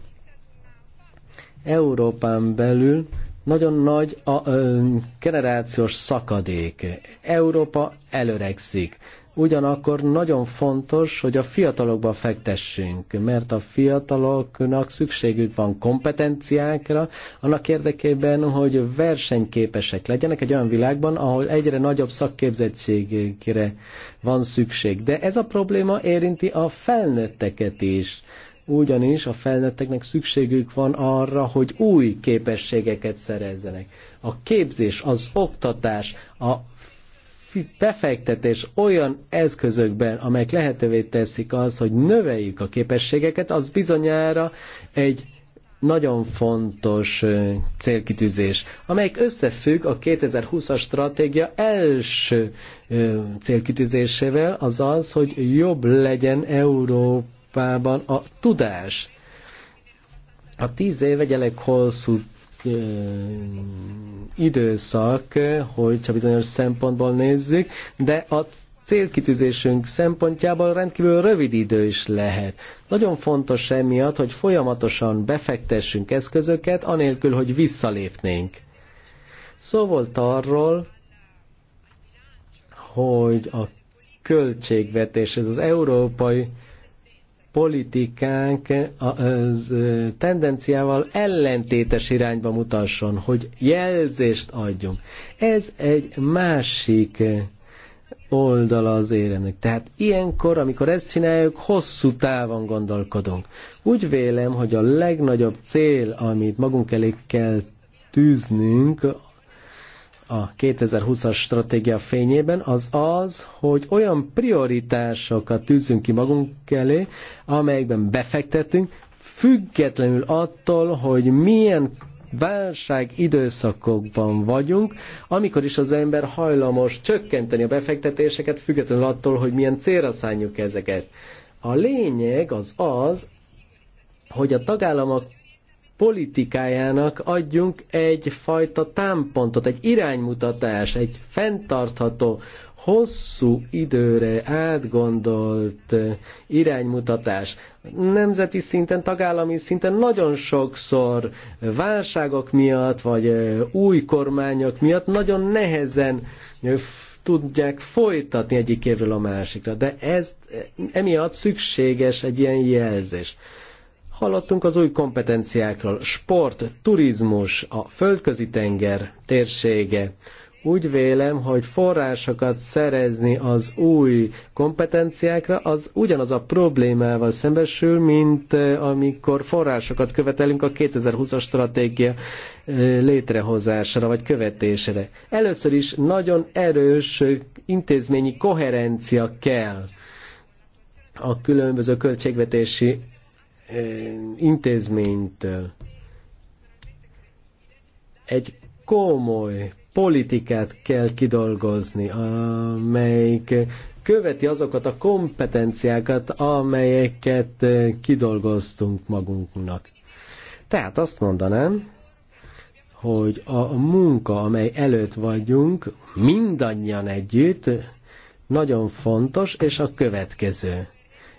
Európán belül nagyon nagy a ö, generációs szakadék. Európa előregszik. Ugyanakkor nagyon fontos, hogy a fiatalokba fektessünk, mert a fiataloknak szükségük van kompetenciákra, annak érdekében, hogy versenyképesek legyenek egy olyan világban, ahol egyre nagyobb szakképzettségre van szükség. De ez a probléma érinti a felnőtteket is ugyanis a felnőtteknek szükségük van arra, hogy új képességeket szerezzenek. A képzés, az oktatás, a befektetés olyan eszközökben, amelyek lehetővé teszik az, hogy növeljük a képességeket, az bizonyára egy nagyon fontos célkitűzés, amelyik összefügg a 2020-as stratégia első célkitűzésével, az az, hogy jobb legyen Európában a tudás. A tíz év egy elég hosszú időszak, hogyha bizonyos szempontból nézzük, de a célkitűzésünk szempontjából rendkívül rövid idő is lehet. Nagyon fontos emiatt, hogy folyamatosan befektessünk eszközöket, anélkül, hogy visszalépnénk. Szó volt arról, hogy a költségvetés, ez az európai politikánk az tendenciával ellentétes irányba mutasson, hogy jelzést adjunk. Ez egy másik oldala az éremnek. Tehát ilyenkor, amikor ezt csináljuk, hosszú távon gondolkodunk. Úgy vélem, hogy a legnagyobb cél, amit magunk elé kell tűznünk, a 2020-as stratégia fényében, az az, hogy olyan prioritásokat tűzünk ki magunk elé, amelyekben befektetünk, függetlenül attól, hogy milyen válság időszakokban vagyunk, amikor is az ember hajlamos csökkenteni a befektetéseket, függetlenül attól, hogy milyen célra szálljuk ezeket. A lényeg az az, hogy a tagállamok politikájának adjunk egyfajta támpontot, egy iránymutatást, egy fenntartható, hosszú időre átgondolt eh, iránymutatás. Nemzeti szinten, tagállami szinten nagyon sokszor eh, válságok miatt, vagy eh, új kormányok miatt nagyon nehezen tudják folytatni évről a másikra. De ez emiatt szükséges egy ilyen jelzés. Hallottunk az új kompetenciákról. Sport, turizmus, a földközi tenger térsége. Úgy vélem, hogy forrásokat szerezni az új kompetenciákra, az ugyanaz a problémával szembesül, mint eh, amikor forrásokat követelünk a 2020-as stratégia eh, létrehozására vagy követésre. Először is nagyon erős eh, intézményi koherencia kell a különböző költségvetési Eh, intézményt egy komoly politikát kell kidolgozni, amelyik követi azokat a kompetenciákat, amelyeket eh, kidolgoztunk magunknak. Tehát azt mondanám, hogy a munka, amely előtt vagyunk, mindannyian együtt, nagyon fontos, és a következő.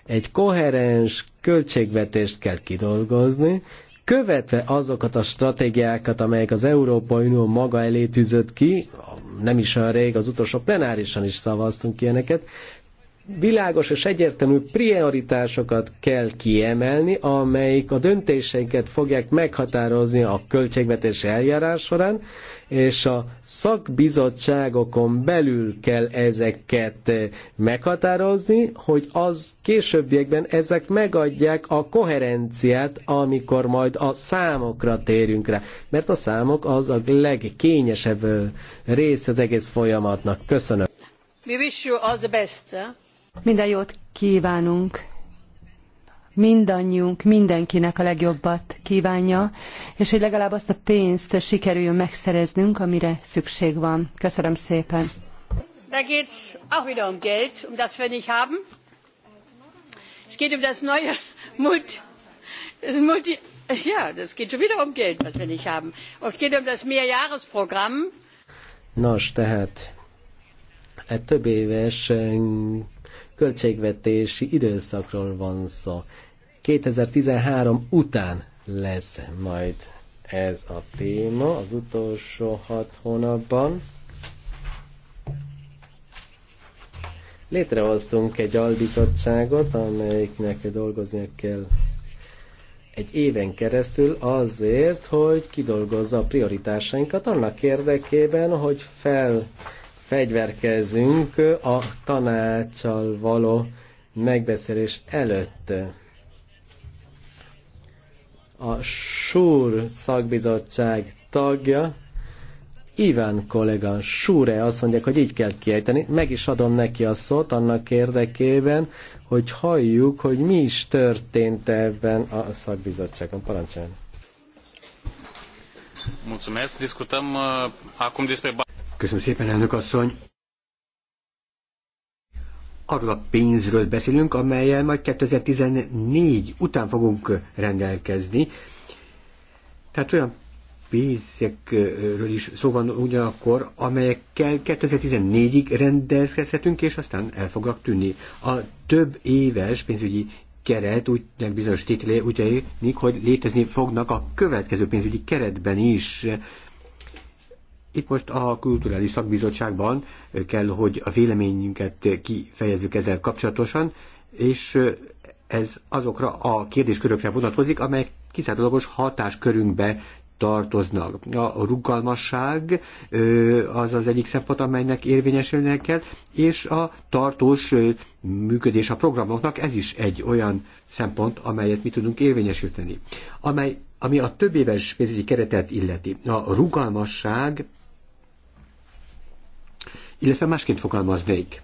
Egy koherens, költségvetést kell kidolgozni, követve azokat a stratégiákat, amelyek az Európai Unió maga elé tűzött ki, nem is olyan rég, az utolsó plenárisan is szavaztunk ilyeneket, világos és egyértelmű prioritásokat kell kiemelni, amelyik a döntéseinket fogják meghatározni a költségvetési eljárás során, és a szakbizottságokon belül kell ezeket meghatározni, hogy az későbbiekben ezek megadják a koherenciát, amikor majd a számokra térünk rá. Mert a számok az a legkényesebb rész az egész folyamatnak. Köszönöm. We wish you all the best. Eh? Minden jót kívánunk mindannyiunk, mindenkinek a legjobbat kívánja, és hogy legalább azt a pénzt sikerüljön megszereznünk, amire szükség van. Köszönöm szépen. Da geht's auch wieder um Geld, um das wir nicht haben. Es geht um das neue Mut, das Multi, ja, das geht schon wieder um Geld, was wir nicht haben. Und Es geht um das Mehrjahresprogramm. Nos, tehát egy több éves költségvetési időszakról van szó. 2013 után lesz majd ez a téma az utolsó hat hónapban. Létrehoztunk egy albizottságot, amelyiknek dolgoznia kell egy éven keresztül azért, hogy kidolgozza a prioritásainkat annak érdekében, hogy fel fegyverkezünk a tanácsal való megbeszélés előtt. A SUR szakbizottság tagja, Iván kollega, Súre, azt mondják, hogy így kell kiejteni. Meg is adom neki a szót annak érdekében, hogy halljuk, hogy mi is történt ebben a szakbizottságon. Parancsoljon! Mulțumesc. Discutăm uh, acum despre Köszönöm szépen, elnök asszony. Arról a pénzről beszélünk, amelyel majd 2014 után fogunk rendelkezni. Tehát olyan pénzekről is szó van ugyanakkor, amelyekkel 2014-ig rendelkezhetünk, és aztán el fognak tűnni. A több éves pénzügyi keret, úgy bizonyos tételé úgy tűnik, hogy létezni fognak a következő pénzügyi keretben is. Itt most a Kulturális Szakbizottságban kell, hogy a véleményünket kifejezzük ezzel kapcsolatosan, és ez azokra a kérdéskörökre vonatkozik, amelyek kizárólagos hatáskörünkbe tartoznak. A rugalmasság az az egyik szempont, amelynek érvényesülnie kell, és a tartós működés a programoknak, ez is egy olyan szempont, amelyet mi tudunk érvényesíteni. Amely, ami a több éves pénzügyi keretet illeti. A rugalmasság illetve másként fogalmaznék.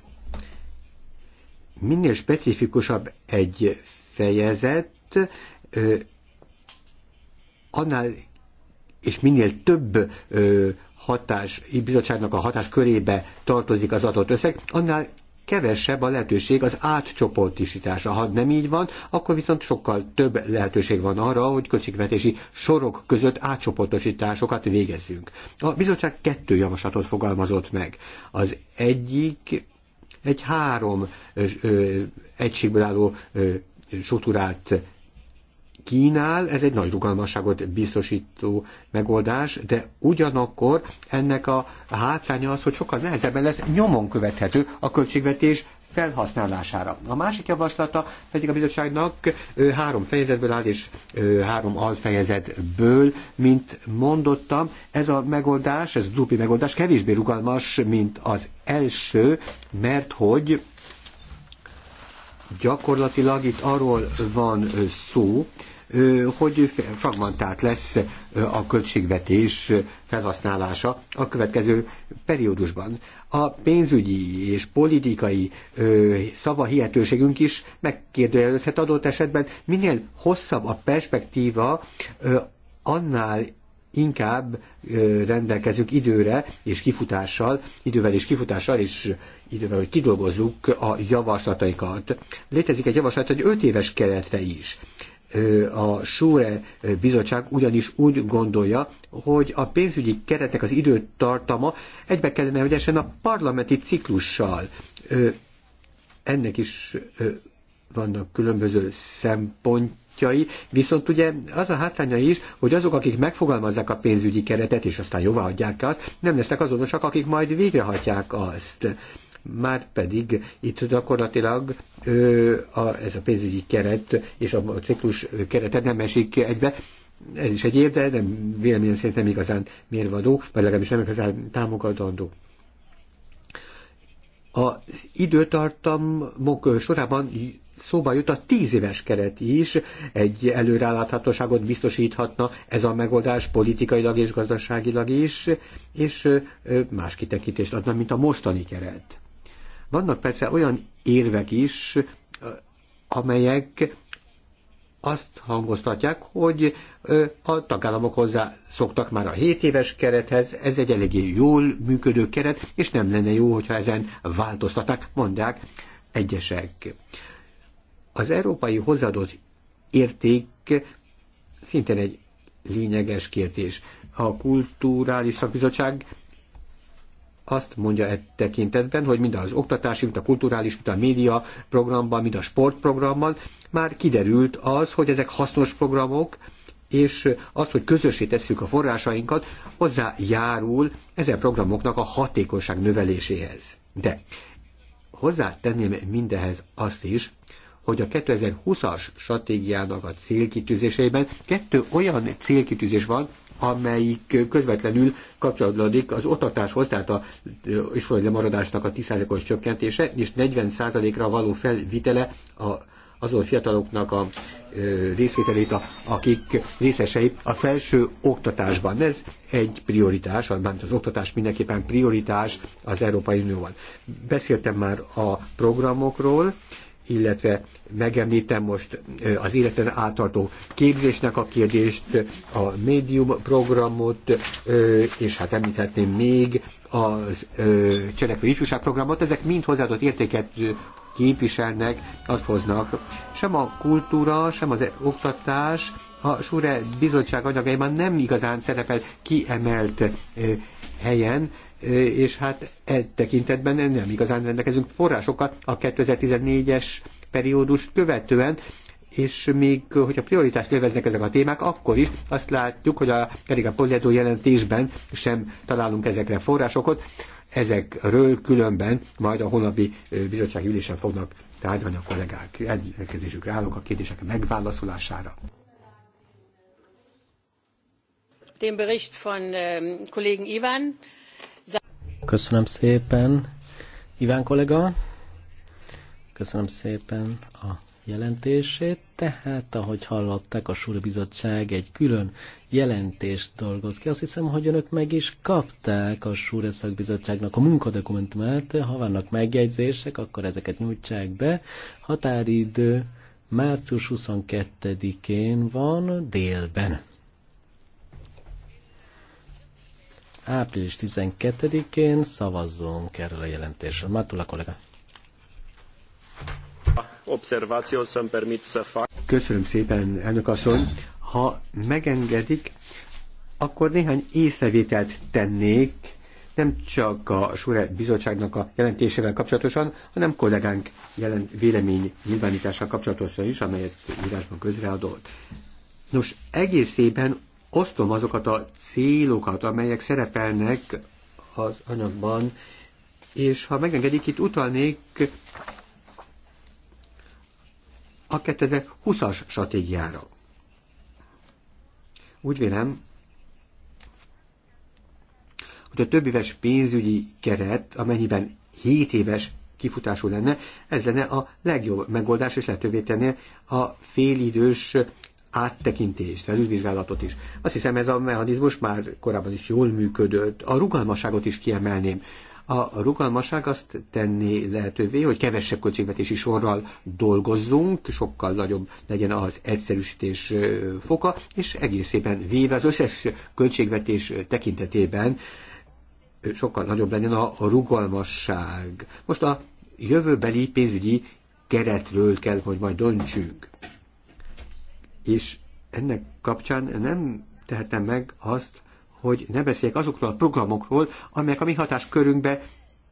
Minél specifikusabb egy fejezet, annál és minél több hatás, bizottságnak a hatás körébe tartozik az adott összeg, annál kevesebb a lehetőség az átcsoportisításra. Ha nem így van, akkor viszont sokkal több lehetőség van arra, hogy költségvetési sorok között átcsoportosításokat végezzünk. A bizottság kettő javaslatot fogalmazott meg. Az egyik egy három ö, ö, egységből álló ö, kínál, ez egy nagy rugalmasságot biztosító megoldás, de ugyanakkor ennek a hátránya az, hogy sokkal nehezebben lesz nyomon követhető a költségvetés felhasználására. A másik javaslata pedig a bizottságnak három fejezetből áll és három alfejezetből, mint mondottam, ez a megoldás, ez az megoldás kevésbé rugalmas, mint az első, mert hogy Gyakorlatilag itt arról van szó, hogy fragmentált lesz a költségvetés felhasználása a következő periódusban. A pénzügyi és politikai szavahihetőségünk is megkérdőjelezhet adott esetben, minél hosszabb a perspektíva, annál inkább rendelkezünk időre és kifutással, idővel és kifutással, és idővel, hogy kidolgozzuk a javaslatainkat. Létezik egy javaslat egy 5 éves keretre is a Súre bizottság ugyanis úgy gondolja, hogy a pénzügyi keretek az időtartama egybe kellene, hogy esen a parlamenti ciklussal. Ennek is vannak különböző szempont, útjai, viszont ugye az a hátránya is, hogy azok, akik megfogalmazzák a pénzügyi keretet, és aztán adják azt, nem lesznek azonosak, akik majd végrehajtják azt már pedig itt gyakorlatilag ö, a, ez a pénzügyi keret és a ciklus kerete nem esik egybe. Ez is egy év, de nem, véleményem szerint nem igazán mérvadó, vagy legalábbis nem igazán támogatandó. Az időtartamok sorában szóba jut a tíz éves keret is, egy előreláthatóságot biztosíthatna ez a megoldás politikailag és gazdaságilag is, és más kitekintést adna, mint a mostani keret. Vannak persze olyan érvek is, amelyek azt hangoztatják, hogy a tagállamok hozzá szoktak már a 7 éves kerethez, ez egy eléggé jól működő keret, és nem lenne jó, hogyha ezen változtatnak, mondják egyesek. Az európai hozzáadott érték szintén egy lényeges kérdés. A kulturális szakbizottság azt mondja e tekintetben, hogy mind az oktatási, mind a kulturális, mind a média programban, mind a sportprogramban már kiderült az, hogy ezek hasznos programok, és az, hogy közössé tesszük a forrásainkat, hozzájárul ezen programoknak a hatékonyság növeléséhez. De hozzátenném mindehez azt is, hogy a 2020-as stratégiának a célkitűzéseiben kettő olyan célkitűzés van, amelyik közvetlenül kapcsolódik az oktatáshoz, tehát a iskolai lemaradásnak a 10%-os csökkentése, és 40%-ra való felvitele a, azon fiataloknak a ö, részvételét, a, akik részesei a felső oktatásban. Ez egy prioritás, mármint az oktatás mindenképpen prioritás az Európai Unióban. Beszéltem már a programokról, illetve megemlítem most az életen átartó képzésnek a kérdést, a médium programot, és hát említhetném még az cselekvő ifjúság programot, ezek mind hozzáadott értéket képviselnek, azt hoznak. Sem a kultúra, sem az oktatás, a súre bizottság anyagaiban nem igazán szerepel kiemelt helyen, és hát e tekintetben nem igazán rendelkezünk forrásokat a 2014-es periódust követően, és még hogyha prioritást élveznek ezek a témák, akkor is azt látjuk, hogy a a Polledo jelentésben sem találunk ezekre forrásokat, ezekről különben majd a holnapi bizottsági ülésen fognak tárgyalni a kollégák. Elkezésükre állunk a kérdések megválaszolására. Den Bericht von ähm, Kollegen Ivan Köszönöm szépen, Iván kollega. Köszönöm szépen a jelentését. Tehát, ahogy hallották, a Súri Bizottság egy külön jelentést dolgoz ki. Azt hiszem, hogy önök meg is kapták a Súri Szakbizottságnak a munkadokumentumát. Ha vannak megjegyzések, akkor ezeket nyújtsák be. Határidő március 22-én van délben. április 12-én szavazzunk erről a jelentésről. a kollega. Köszönöm szépen, elnök asszony. Ha megengedik, akkor néhány észrevételt tennék, nem csak a Sure Bizottságnak a jelentésével kapcsolatosan, hanem kollégánk jelent vélemény nyilvánítással kapcsolatosan is, amelyet írásban közreadott. Nos, egészében osztom azokat a célokat, amelyek szerepelnek az anyagban, és ha megengedik, itt utalnék a 2020-as stratégiára. Úgy vélem, hogy a többéves pénzügyi keret, amennyiben 7 éves kifutású lenne, ez lenne a legjobb megoldás, és lehetővé tenni a félidős áttekintést, felülvizsgálatot is. Azt hiszem ez a mechanizmus már korábban is jól működött. A rugalmasságot is kiemelném. A rugalmasság azt tenni lehetővé, hogy kevesebb költségvetési sorral dolgozzunk, sokkal nagyobb legyen az egyszerűsítés foka, és egészében véve az összes költségvetés tekintetében sokkal nagyobb legyen a rugalmasság. Most a jövőbeli pénzügyi keretről kell, hogy majd döntsünk és ennek kapcsán nem tehetem meg azt, hogy ne beszéljek azokról a programokról, amelyek a mi hatáskörünkbe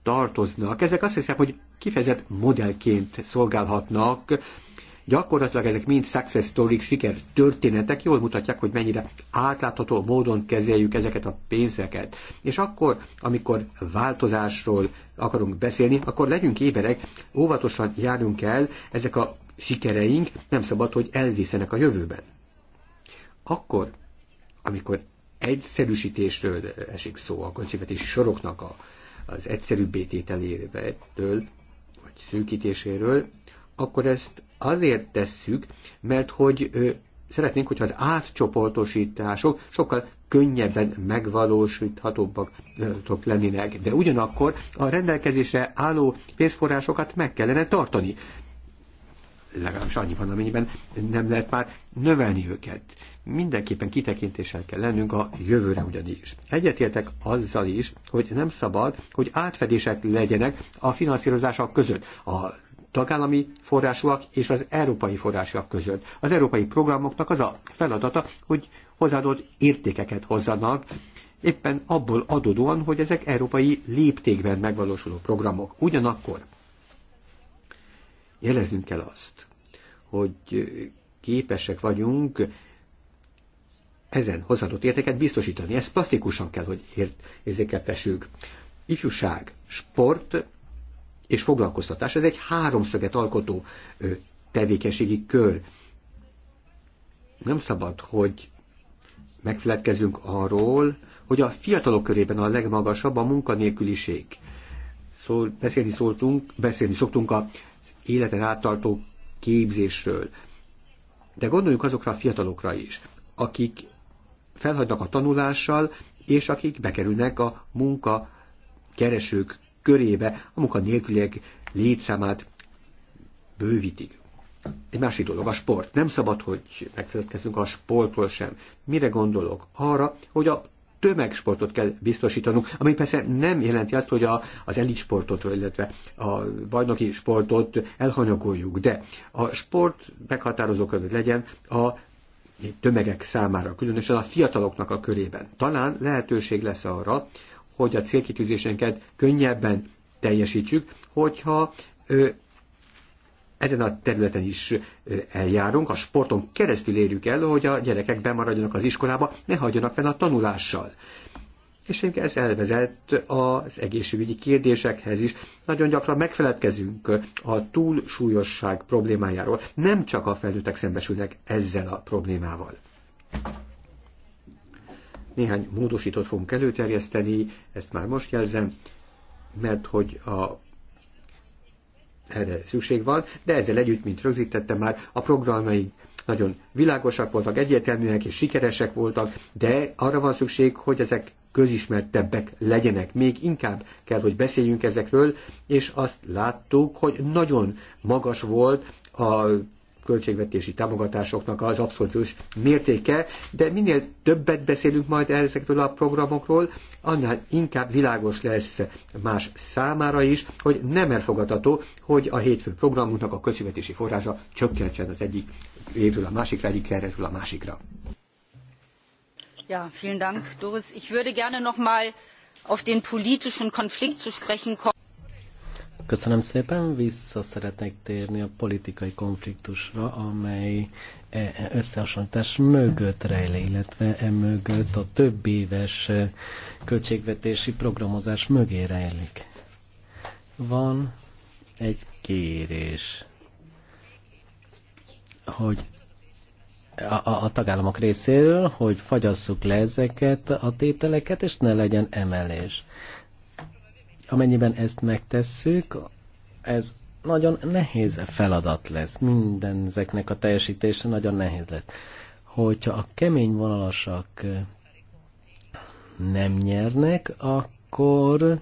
tartoznak. Ezek azt hiszem, hogy kifejezett modellként szolgálhatnak. Gyakorlatilag ezek mind success story siker történetek, jól mutatják, hogy mennyire átlátható módon kezeljük ezeket a pénzeket. És akkor, amikor változásról akarunk beszélni, akkor legyünk éberek, óvatosan járunk el, ezek a sikereink nem szabad, hogy elvészenek a jövőben. Akkor, amikor egyszerűsítésről esik szó a költségvetési soroknak a, az egyszerű bétételéről, vagy szűkítéséről, akkor ezt azért tesszük, mert hogy ö, szeretnénk, hogyha az átcsoportosítások sokkal könnyebben megvalósíthatóbbak lennének, de ugyanakkor a rendelkezésre álló pénzforrásokat meg kellene tartani legalábbis annyiban, amennyiben nem lehet már növelni őket. Mindenképpen kitekintéssel kell lennünk a jövőre ugyanis. Egyetértek azzal is, hogy nem szabad, hogy átfedések legyenek a finanszírozások között. A tagállami forrásúak és az európai forrásúak között. Az európai programoknak az a feladata, hogy hozzáadott értékeket hozzanak, éppen abból adódóan, hogy ezek európai léptékben megvalósuló programok. Ugyanakkor Jeleznünk kell azt, hogy képesek vagyunk ezen hozadott értéket biztosítani. Ezt plastikusan kell, hogy ért, érzékeltessük. Ifjúság, sport és foglalkoztatás, ez egy háromszöget alkotó tevékenységi kör. Nem szabad, hogy megfeledkezünk arról, hogy a fiatalok körében a legmagasabb a munkanélküliség. Szóval beszélni, szóltunk, beszélni szoktunk a életen áttartó képzésről. De gondoljuk azokra a fiatalokra is, akik felhagynak a tanulással, és akik bekerülnek a munka keresők körébe, a munka nélküliek létszámát bővítik. Egy másik dolog, a sport. Nem szabad, hogy megfelelkezzünk a sportról sem. Mire gondolok? Arra, hogy a tömegsportot kell biztosítanunk, ami persze nem jelenti azt, hogy a, az elitsportot, illetve a bajnoki sportot elhanyagoljuk, de a sport meghatározó között legyen a tömegek számára, különösen a fiataloknak a körében. Talán lehetőség lesz arra, hogy a célkitűzésenket könnyebben teljesítsük, hogyha ezen a területen is eljárunk, a sporton keresztül érjük el, hogy a gyerekek bemaradjanak az iskolába, ne hagyjanak fel a tanulással. És ez elvezet az egészségügyi kérdésekhez is. Nagyon gyakran megfeledkezünk a túlsúlyosság problémájáról. Nem csak a felnőttek szembesülnek ezzel a problémával. Néhány módosítót fogunk előterjeszteni, ezt már most jelzem, mert hogy a erre szükség van, de ezzel együtt, mint rögzítettem már, a programjaink nagyon világosak voltak, egyértelműek és sikeresek voltak, de arra van szükség, hogy ezek közismertebbek legyenek. Még inkább kell, hogy beszéljünk ezekről, és azt láttuk, hogy nagyon magas volt a költségvetési támogatásoknak az abszolút mértéke, de minél többet beszélünk majd ezekről a programokról, annál inkább világos lesz más számára is, hogy nem elfogadható, hogy a hétfő programunknak a költségvetési forrása csökkentsen az egyik évről a másikra, egyik kerületről a másikra. Ja, vielen Dank, Doris. Ich würde gerne noch mal auf den politischen Konflikt zu sprechen kommen. Köszönöm szépen, vissza szeretnék térni a politikai konfliktusra, amely e összehasonlítás mögött rejlé, illetve e mögött a több éves e, költségvetési programozás mögé rejlik. Van egy kérés, hogy a, a, a tagállamok részéről, hogy fagyasszuk le ezeket a tételeket, és ne legyen emelés amennyiben ezt megtesszük, ez nagyon nehéz feladat lesz. Minden ezeknek a teljesítése nagyon nehéz lesz. Hogyha a kemény vonalasak nem nyernek, akkor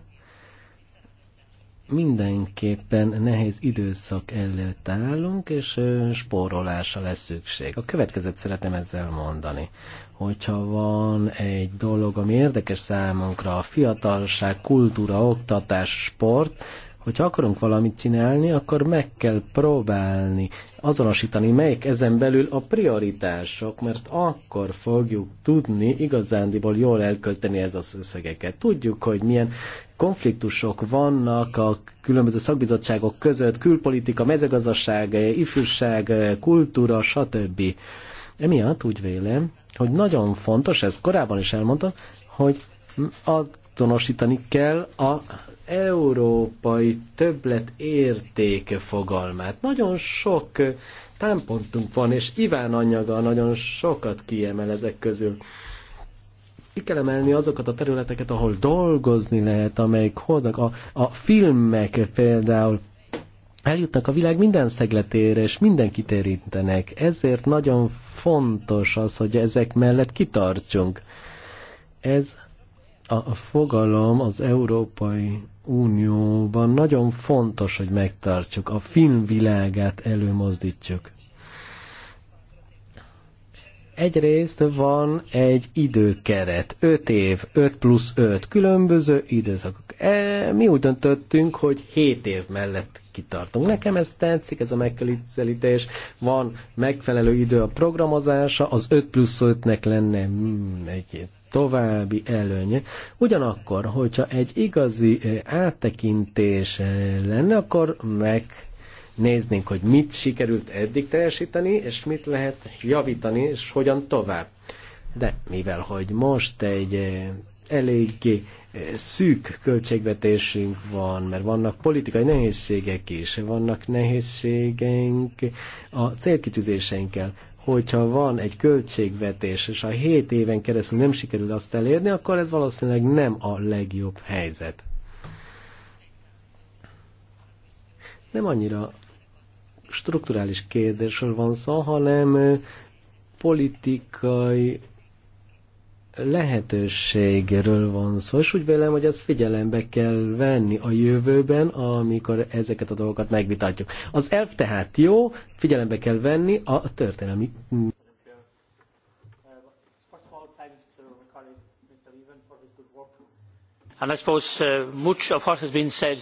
mindenképpen nehéz időszak előtt állunk, és spórolásra lesz szükség. A következőt szeretem ezzel mondani. Hogyha van egy dolog, ami érdekes számunkra, a fiatalság, kultúra, oktatás, sport, hogyha akarunk valamit csinálni, akkor meg kell próbálni azonosítani, melyik ezen belül a prioritások, mert akkor fogjuk tudni igazándiból jól elkölteni ez az összegeket. Tudjuk, hogy milyen konfliktusok vannak a különböző szakbizottságok között, külpolitika, mezőgazdaság, ifjúság, kultúra, stb. Emiatt úgy vélem, hogy nagyon fontos, ezt korábban is elmondtam, hogy azonosítani kell a európai többlet értéke fogalmát. Nagyon sok támpontunk van, és Iván anyaga nagyon sokat kiemel ezek közül ki kell emelni azokat a területeket, ahol dolgozni lehet, amelyek hoznak. A, a filmek például eljutnak a világ minden szegletére, és mindenkit érintenek. Ezért nagyon fontos az, hogy ezek mellett kitartsunk. Ez a fogalom az Európai Unióban nagyon fontos, hogy megtartsuk, a filmvilágát előmozdítsuk. Egyrészt van egy időkeret, 5 év, 5 plusz 5, különböző időszakok. E, mi úgy döntöttünk, hogy 7 év mellett kitartunk. Nekem ez tetszik, ez a megközelítés. Van megfelelő idő a programozása, az 5 plusz 5-nek lenne mm, egy további előnye. Ugyanakkor, hogyha egy igazi e, áttekintés e, lenne, akkor meg néznénk, hogy mit sikerült eddig teljesíteni, és mit lehet javítani, és hogyan tovább. De mivel, hogy most egy eh, eléggé eh, szűk költségvetésünk van, mert vannak politikai nehézségek is, vannak nehézségeink a célkicsizéseinkkel, Hogyha van egy költségvetés, és a 7 éven keresztül nem sikerül azt elérni, akkor ez valószínűleg nem a legjobb helyzet. Nem annyira strukturális kérdésről van szó, hanem politikai lehetőségről van szó, és úgy vélem, hogy ezt figyelembe kell venni a jövőben, amikor ezeket a dolgokat megvitatjuk. Az elf tehát jó, figyelembe kell venni a történelmi... And I suppose uh, much of what has been said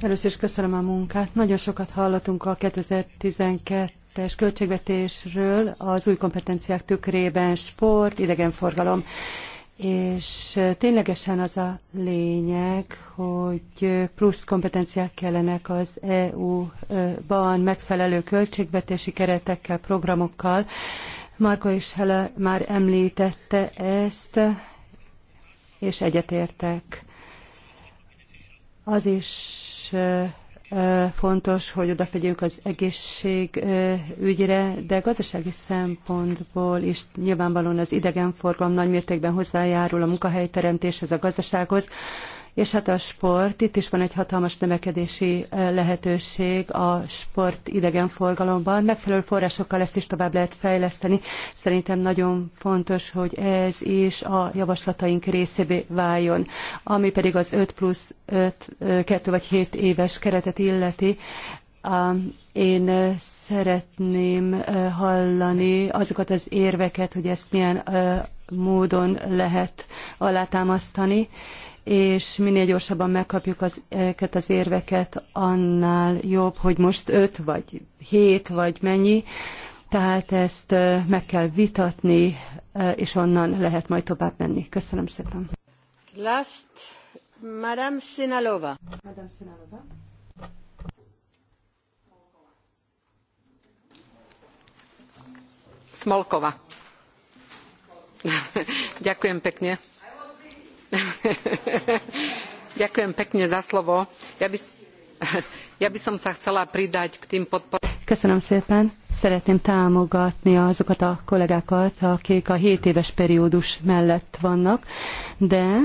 Először is köszönöm a munkát. Nagyon sokat hallottunk a 2012-es költségvetésről, az új kompetenciák tükrében sport, idegenforgalom, és ténylegesen az a lényeg, hogy plusz kompetenciák kellenek az EU-ban megfelelő költségvetési keretekkel, programokkal. Marko is már említette ezt, és egyetértek az is fontos, hogy odafigyeljünk az egészségügyre, de gazdasági szempontból is nyilvánvalóan az idegenforgalom nagymértékben mértékben hozzájárul a munkahelyteremtéshez, a gazdasághoz. És hát a sport, itt is van egy hatalmas növekedési lehetőség a sport idegenforgalomban. Megfelelő forrásokkal ezt is tovább lehet fejleszteni. Szerintem nagyon fontos, hogy ez is a javaslataink részévé váljon. Ami pedig az 5 plusz 5, 2 vagy 7 éves keretet illeti, én szeretném hallani azokat az érveket, hogy ezt milyen módon lehet alátámasztani, és minél gyorsabban megkapjuk az, ezeket az érveket, annál jobb, hogy most öt vagy hét vagy mennyi. Tehát ezt meg kell vitatni, és onnan lehet majd tovább menni. Köszönöm szépen. Last, Madame Sinalova. Madame Sinalova. Smolkova. Ďakujem pekne Ja by, som sa chcela pridať k tým Köszönöm szépen. Szeretném támogatni azokat a kollégákat, akik a 7 éves periódus mellett vannak, de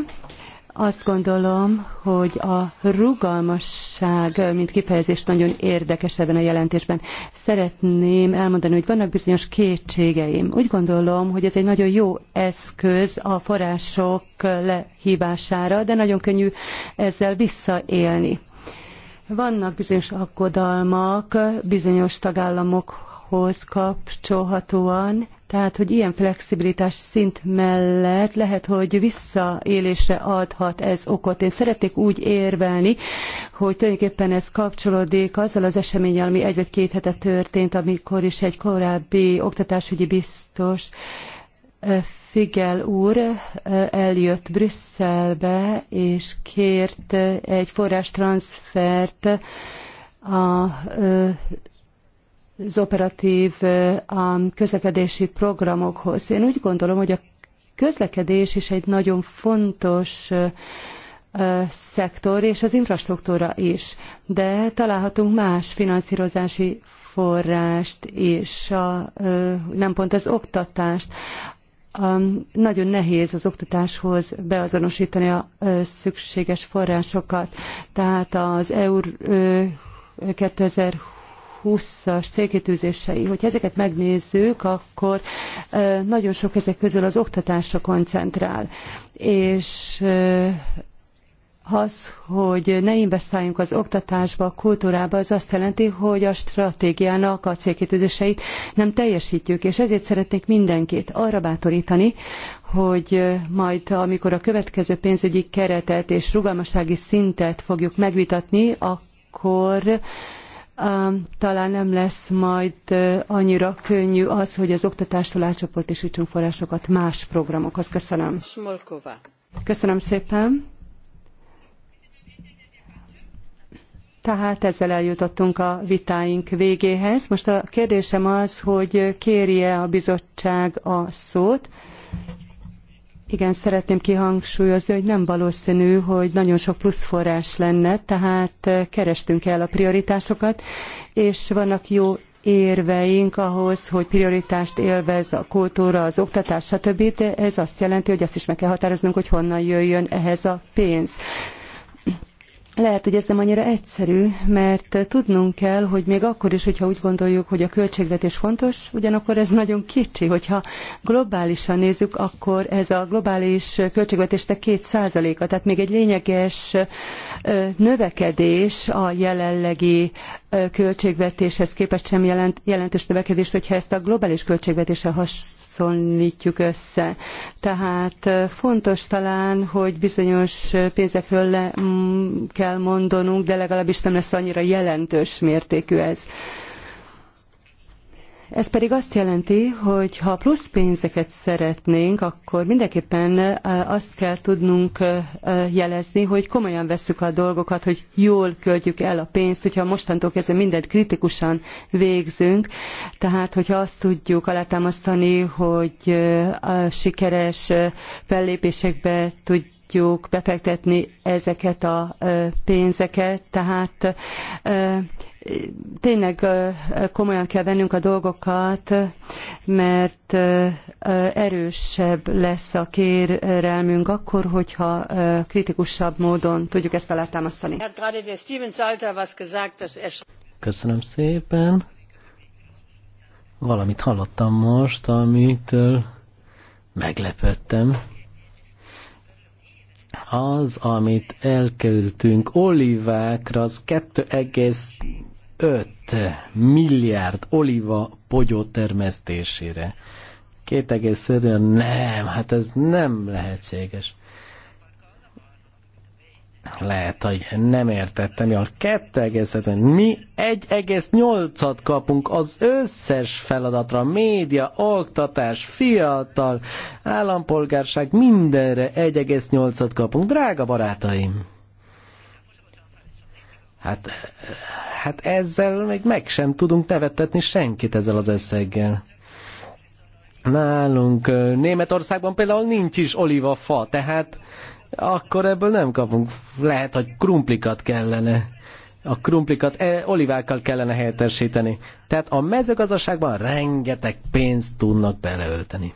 azt gondolom, hogy a rugalmasság, mint kifejezés nagyon érdekes ebben a jelentésben. Szeretném elmondani, hogy vannak bizonyos kétségeim. Úgy gondolom, hogy ez egy nagyon jó eszköz a források lehívására, de nagyon könnyű ezzel visszaélni. Vannak bizonyos aggodalmak bizonyos tagállamokhoz kapcsolhatóan, tehát, hogy ilyen flexibilitás szint mellett lehet, hogy visszaélésre adhat ez okot. Én szeretnék úgy érvelni, hogy tulajdonképpen ez kapcsolódik azzal az eseményel, ami egy vagy két hete történt, amikor is egy korábbi oktatásügyi biztos eh, Figel úr eh, eljött Brüsszelbe, és kért eh, egy forrástranszfert a az operatív a közlekedési programokhoz. Én úgy gondolom, hogy a közlekedés is egy nagyon fontos szektor, és az infrastruktúra is. De találhatunk más finanszírozási forrást is, a, nem pont az oktatást. nagyon nehéz az oktatáshoz beazonosítani a, szükséges forrásokat. Tehát az EUR 2020 20 as célkitűzései, hogy ezeket megnézzük, akkor nagyon sok ezek közül az oktatásra koncentrál. És az, hogy ne investáljunk az oktatásba, a kultúrába, az azt jelenti, hogy a stratégiának a célkitűzéseit nem teljesítjük, és ezért szeretnék mindenkit arra bátorítani, hogy majd amikor a következő pénzügyi keretet és rugalmassági szintet fogjuk megvitatni, akkor talán nem lesz majd annyira könnyű az, hogy az oktatástól átcsoportosítsunk forrásokat más programokhoz. Köszönöm. Smolkova. Köszönöm szépen. Tehát ezzel eljutottunk a vitáink végéhez. Most a kérdésem az, hogy kérje a bizottság a szót. Igen, szeretném kihangsúlyozni, hogy nem valószínű, hogy nagyon sok plusz forrás lenne, tehát eh, kerestünk el a prioritásokat, és vannak jó érveink ahhoz, hogy prioritást élvez a kultúra, az oktatás, stb. De ez azt jelenti, hogy azt is meg kell határoznunk, hogy honnan jöjjön ehhez a pénz. Lehet, hogy ez nem annyira egyszerű, mert tudnunk kell, hogy még akkor is, hogyha úgy gondoljuk, hogy a költségvetés fontos, ugyanakkor ez nagyon kicsi. Hogyha globálisan nézzük, akkor ez a globális költségvetésnek két százaléka, tehát még egy lényeges növekedés a jelenlegi költségvetéshez képest sem jelent, jelentős növekedést, hogyha ezt a globális költségvetéssel has, hasonlítjuk össze. Tehát eh, fontos talán, hogy bizonyos eh, pénzekről le mm, kell mondanunk, de legalábbis nem lesz annyira jelentős mértékű ez. Ez pedig azt jelenti, hogy ha plusz pénzeket szeretnénk, akkor mindenképpen azt kell tudnunk jelezni, hogy komolyan vesszük a dolgokat, hogy jól költjük el a pénzt, hogyha mostantól kezdve mindent kritikusan végzünk. Tehát, hogyha azt tudjuk alátámasztani, hogy a sikeres fellépésekbe tudjuk tudjuk befektetni ezeket a pénzeket, tehát tényleg komolyan kell vennünk a dolgokat, mert erősebb lesz a kérelmünk akkor, hogyha kritikusabb módon tudjuk ezt alátámasztani. Köszönöm szépen. Valamit hallottam most, amitől meglepődtem az, amit elküldtünk olivákra, az 2,4 5 milliárd oliva pogyó termesztésére. 2,5 nem, hát ez nem lehetséges. Lehet, hogy nem értettem jól. 2,5 Mi 1,8-at kapunk az összes feladatra. Média, oktatás, fiatal, állampolgárság, mindenre 1,8-at kapunk. Drága barátaim! Hát, hát ezzel még meg sem tudunk nevettetni senkit ezzel az eszeggel. Nálunk Németországban például nincs is olívafa, tehát akkor ebből nem kapunk. Lehet, hogy krumplikat kellene. A krumplikat e, olivákkal kellene helyettesíteni. Tehát a mezőgazdaságban rengeteg pénzt tudnak beleölteni.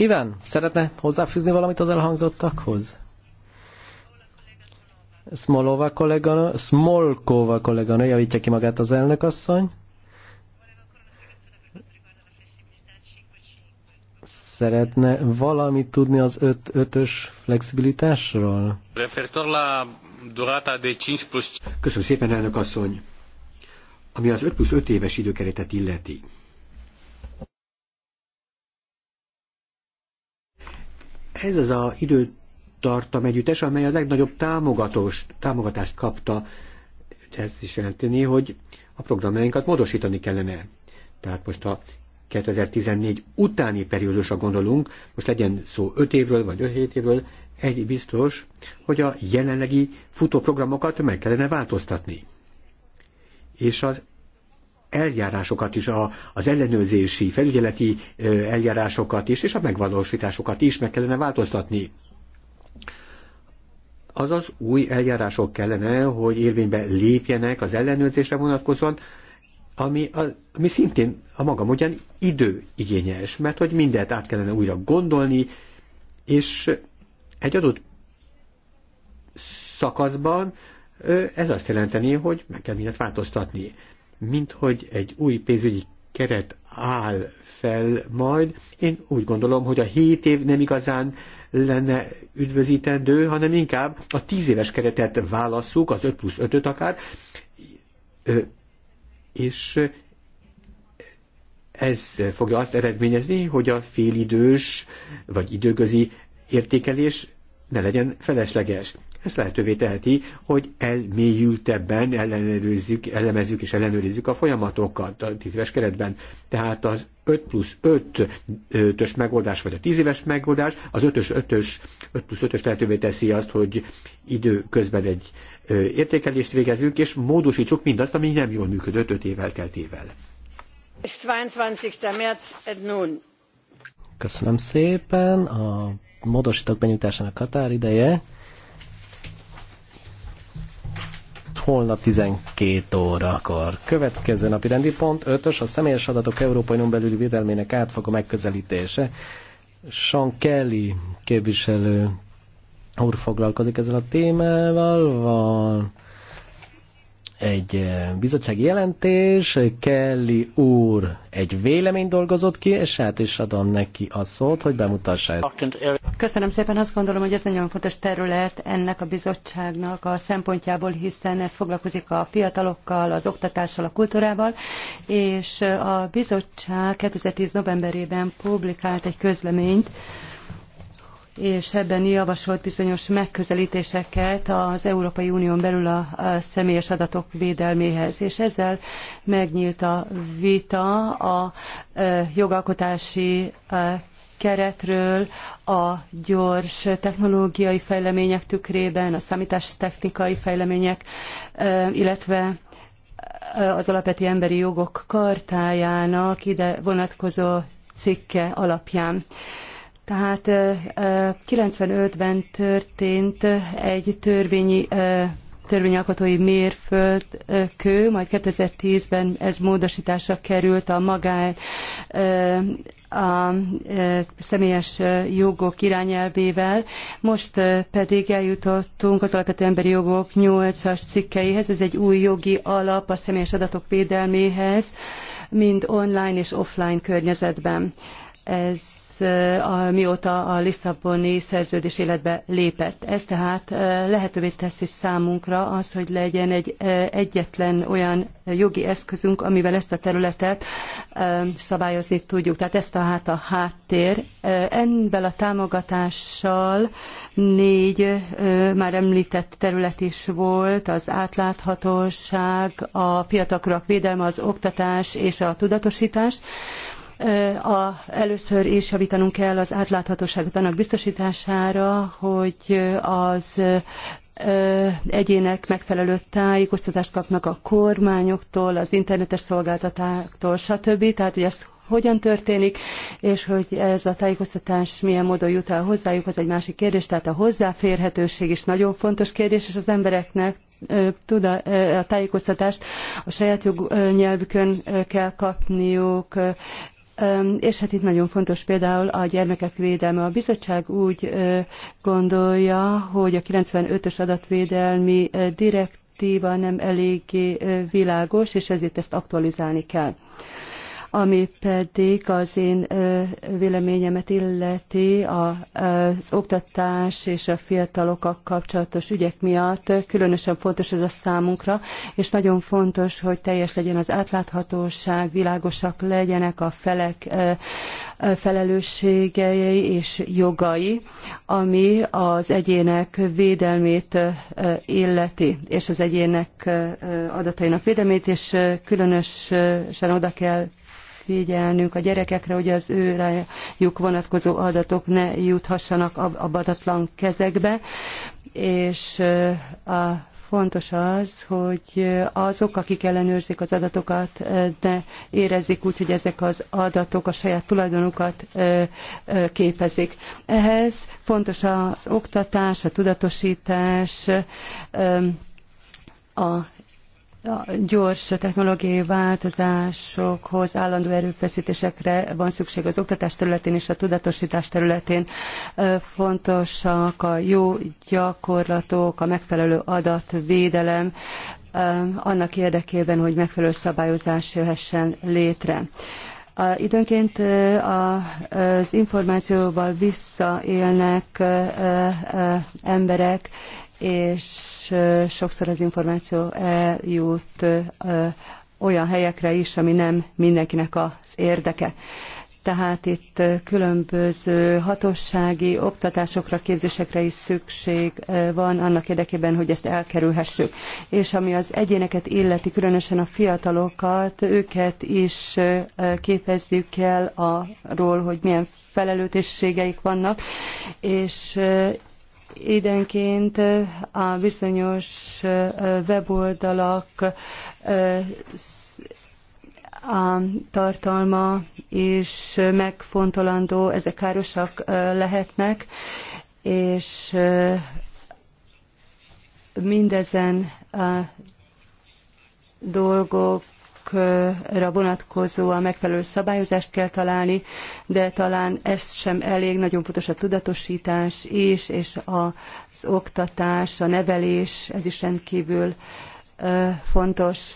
Iván, szeretne hozzáfűzni valamit az elhangzottakhoz? Smolova kolléganő, Smolkova kolléganő, javítja ki magát az elnökasszony. Szeretne valamit tudni az 5 öt, ös flexibilitásról? de 5 plusz... Köszönöm szépen, elnök asszony. Ami az 5 plusz 5 éves időkeretet illeti, ez az a időtartam együttes, amely a legnagyobb támogatós, támogatást kapta. Ez is jelenteni, hogy a programjainkat módosítani kellene. Tehát most a 2014 utáni periódusra gondolunk, most legyen szó 5 évről vagy 7 évről, egy biztos, hogy a jelenlegi futóprogramokat meg kellene változtatni. És az eljárásokat is, a, az ellenőrzési, felügyeleti eljárásokat is, és a megvalósításokat is meg kellene változtatni azaz új eljárások kellene, hogy érvénybe lépjenek az ellenőrzésre vonatkozóan, ami, ami szintén a maga módján időigényes, mert hogy mindent át kellene újra gondolni, és egy adott szakaszban ez azt jelenteni, hogy meg kell mindent változtatni minthogy egy új pénzügyi keret áll fel majd. Én úgy gondolom, hogy a 7 év nem igazán lenne üdvözítendő, hanem inkább a 10 éves keretet válasszuk, az 5 plusz 5-öt akár, és ez fogja azt eredményezni, hogy a félidős vagy időközi értékelés ne legyen felesleges. Ez lehetővé teheti, hogy elmélyültebben ellenőrizzük, elemezzük és ellenőrizzük a folyamatokat a tíz éves keretben. Tehát az 5 plusz 5 ös megoldás, vagy a 10 éves megoldás, az 5-ös 5-ös, 5 plusz 5-ös lehetővé teszi azt, hogy időközben egy értékelést végezzünk, és módosítsuk mindazt, ami nem jól működött 5 évvel keltével. 22. März et nun. Köszönöm szépen. A módosítók benyújtásának határideje holnap 12 órakor. Következő napi rendi pont 5-ös, a személyes adatok Európai Unión belüli védelmének átfogó megközelítése. Sean Kelly képviselő úr foglalkozik ezzel a témával, van egy eh, bizottsági jelentés, Kelly úr egy vélemény dolgozott ki, és hát is adom neki a szót, hogy bemutassa ezt. Köszönöm szépen, azt gondolom, hogy ez nagyon fontos terület ennek a bizottságnak a szempontjából, hiszen ez foglalkozik a fiatalokkal, az oktatással, a kultúrával, és a bizottság 2010. novemberében publikált egy közleményt, és ebben javasolt bizonyos megközelítéseket az Európai Unión belül a személyes adatok védelméhez, és ezzel megnyílt a vita a jogalkotási keretről, a gyors technológiai fejlemények tükrében, a számítástechnikai fejlemények, illetve az alapvető emberi jogok kartájának ide vonatkozó cikke alapján. Tehát 95-ben történt egy törvényi törvényalkotói mérföldkő, majd 2010-ben ez módosításra került a magán a személyes jogok irányelvével, most pedig eljutottunk az alapvető emberi jogok 8-as cikkeihez, ez egy új jogi alap a személyes adatok védelméhez, mind online és offline környezetben. Ez a, mióta a Lisszaboni szerződés életbe lépett. Ez tehát lehetővé teszi számunkra az, hogy legyen egy egyetlen olyan jogi eszközünk, amivel ezt a területet szabályozni tudjuk. Tehát ez tehát a háttér. Enben a támogatással négy már említett terület is volt, az átláthatóság, a fiatalkorok védelme, az oktatás és a tudatosítás. A, először is javítanunk kell az átláthatóságot annak biztosítására, hogy az egyének megfelelő tájékoztatást kapnak a kormányoktól, az internetes szolgáltatáktól, stb. Tehát, hogy ezt hogyan történik, és hogy ez a tájékoztatás milyen módon jut el hozzájuk, az egy másik kérdés. Tehát a hozzáférhetőség is nagyon fontos kérdés, és az embereknek tud a, a tájékoztatást a saját jognyelvükön kell kapniuk, és hát itt nagyon fontos például a gyermekek védelme. A bizottság úgy gondolja, hogy a 95-ös adatvédelmi direktíva nem eléggé világos, és ezért ezt aktualizálni kell. Ami pedig az én véleményemet illeti az oktatás és a fiatalokkal kapcsolatos ügyek miatt, különösen fontos ez a számunkra, és nagyon fontos, hogy teljes legyen az átláthatóság, világosak legyenek a felek felelősségei és jogai, ami az egyének védelmét illeti, és az egyének adatainak védelmét, és különösen oda kell figyelnünk a gyerekekre, hogy az őrájuk vonatkozó adatok ne juthassanak a badatlan kezekbe, és a fontos az, hogy azok, akik ellenőrzik az adatokat, ne érezzék úgy, hogy ezek az adatok a saját tulajdonukat képezik. Ehhez fontos az oktatás, a tudatosítás, a a gyors technológiai változásokhoz állandó erőfeszítésekre van szükség az oktatás területén és a tudatosítás területén. Fontosak a jó gyakorlatok, a megfelelő adatvédelem, annak érdekében, hogy megfelelő szabályozás jöhessen létre. A, időnként a, az információval visszaélnek emberek, és sokszor az információ eljut olyan helyekre is, ami nem mindenkinek az érdeke. Tehát itt különböző hatósági oktatásokra, képzésekre is szükség van annak érdekében, hogy ezt elkerülhessük. És ami az egyéneket illeti, különösen a fiatalokat, őket is képeznünk kell arról, hogy milyen felelőtésségeik vannak, és Időnként a bizonyos weboldalak a tartalma is megfontolandó, ezek károsak lehetnek, és mindezen a dolgok tagállamokra vonatkozóan megfelelő szabályozást kell találni, de talán ez sem elég, nagyon fontos a tudatosítás is, és az oktatás, a nevelés, ez is rendkívül fontos.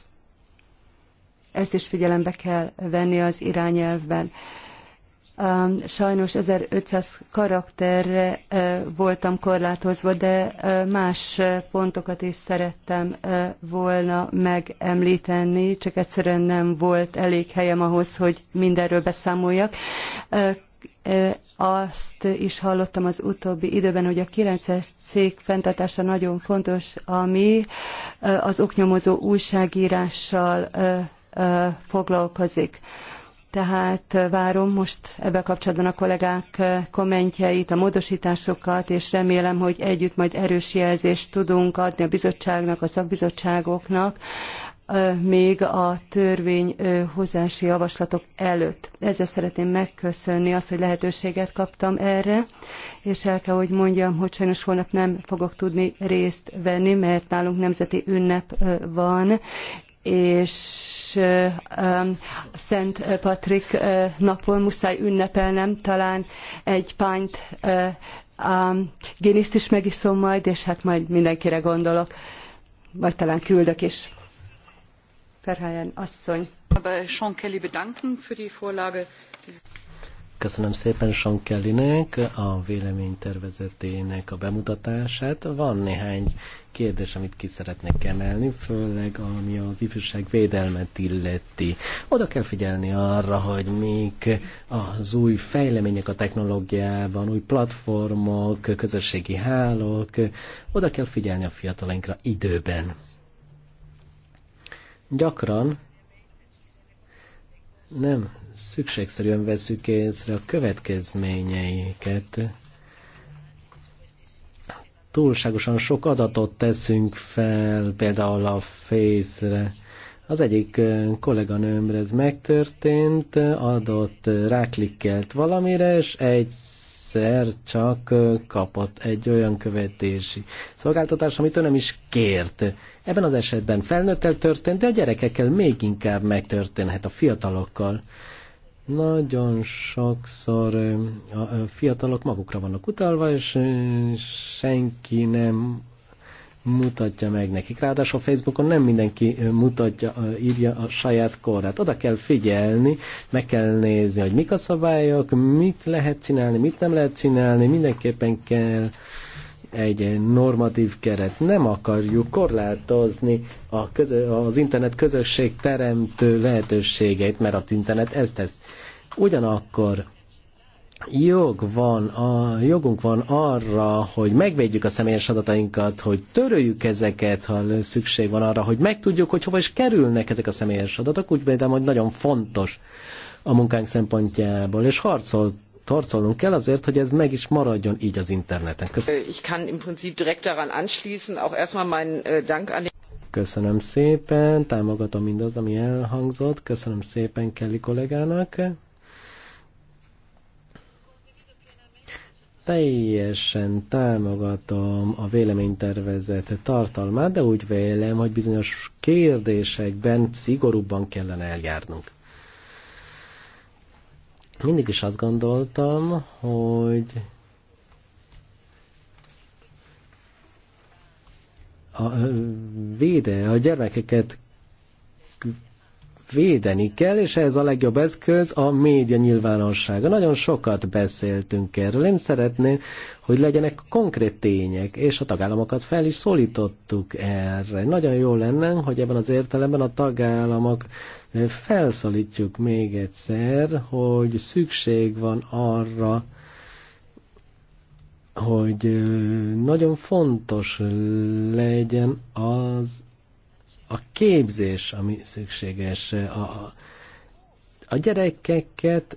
Ezt is figyelembe kell venni az irányelvben. Sajnos 1500 karakterre voltam korlátozva, de más pontokat is szerettem volna megemlíteni, csak egyszerűen nem volt elég helyem ahhoz, hogy mindenről beszámoljak. Azt is hallottam az utóbbi időben, hogy a 900 cég fenntartása nagyon fontos, ami az oknyomozó újságírással foglalkozik. Tehát várom most ebbe kapcsolatban a kollégák kommentjeit, a módosításokat, és remélem, hogy együtt majd erős jelzést tudunk adni a bizottságnak, a szakbizottságoknak, még a törvényhozási javaslatok előtt. Ezzel szeretném megköszönni azt, hogy lehetőséget kaptam erre, és el kell, hogy mondjam, hogy sajnos holnap nem fogok tudni részt venni, mert nálunk nemzeti ünnep van, és a Szent Patrik napon muszáj ünnepelnem, talán egy pányt a géniszt is megiszom majd, és hát majd mindenkire gondolok, vagy talán küldök is. Perhelyen asszony. Köszönöm szépen Sean Kellynek a véleménytervezetének a bemutatását. Van néhány kérdés, amit ki szeretnék emelni, főleg ami az ifjúság védelmet illeti. Oda kell figyelni arra, hogy még az új fejlemények a technológiában, új platformok, közösségi hálók, oda kell figyelni a fiatalainkra időben. Gyakran nem szükségszerűen veszük észre a következményeiket. Túlságosan sok adatot teszünk fel, például a fészre. Az egyik kolléganőmre ez megtörtént, adott, ráklikkelt valamire, és egy egyszer csak kapott egy olyan követési szolgáltatást, amit ő nem is kért. Ebben az esetben felnőttel történt, de a gyerekekkel még inkább megtörténhet a fiatalokkal. Nagyon sokszor a fiatalok magukra vannak utalva, és senki nem mutatja meg nekik. Ráadásul Facebookon nem mindenki mutatja, írja a saját korát. Oda kell figyelni, meg kell nézni, hogy mik a szabályok, mit lehet csinálni, mit nem lehet csinálni, mindenképpen kell egy normatív keret. Nem akarjuk korlátozni a közö, az internet közösség teremtő lehetőségeit, mert az internet ezt tesz. Ugyanakkor jog van, a, jogunk van arra, hogy megvédjük a személyes adatainkat, hogy töröljük ezeket, ha szükség van arra, hogy megtudjuk, hogy hova is kerülnek ezek a személyes adatok, úgy például, hogy nagyon fontos a munkánk szempontjából, és harcol, harcolnunk kell azért, hogy ez meg is maradjon így az interneten. Köszönöm. Äh, Köszönöm szépen, támogatom mindaz, ami elhangzott. Köszönöm szépen Kelly kollégának. teljesen támogatom a véleménytervezet tartalmát, de úgy vélem, hogy bizonyos kérdésekben szigorúbban kellene eljárnunk. Mindig is azt gondoltam, hogy a, véde, a gyermekeket védeni kell, és ez a legjobb eszköz a média nyilvánossága. Nagyon sokat beszéltünk erről. Én szeretném, hogy legyenek konkrét tények, és a tagállamokat fel is szólítottuk erre. Nagyon jó lenne, hogy ebben az értelemben a tagállamok felszólítjuk még egyszer, hogy szükség van arra, hogy nagyon fontos legyen az, a képzés, ami szükséges. A, a gyerekeket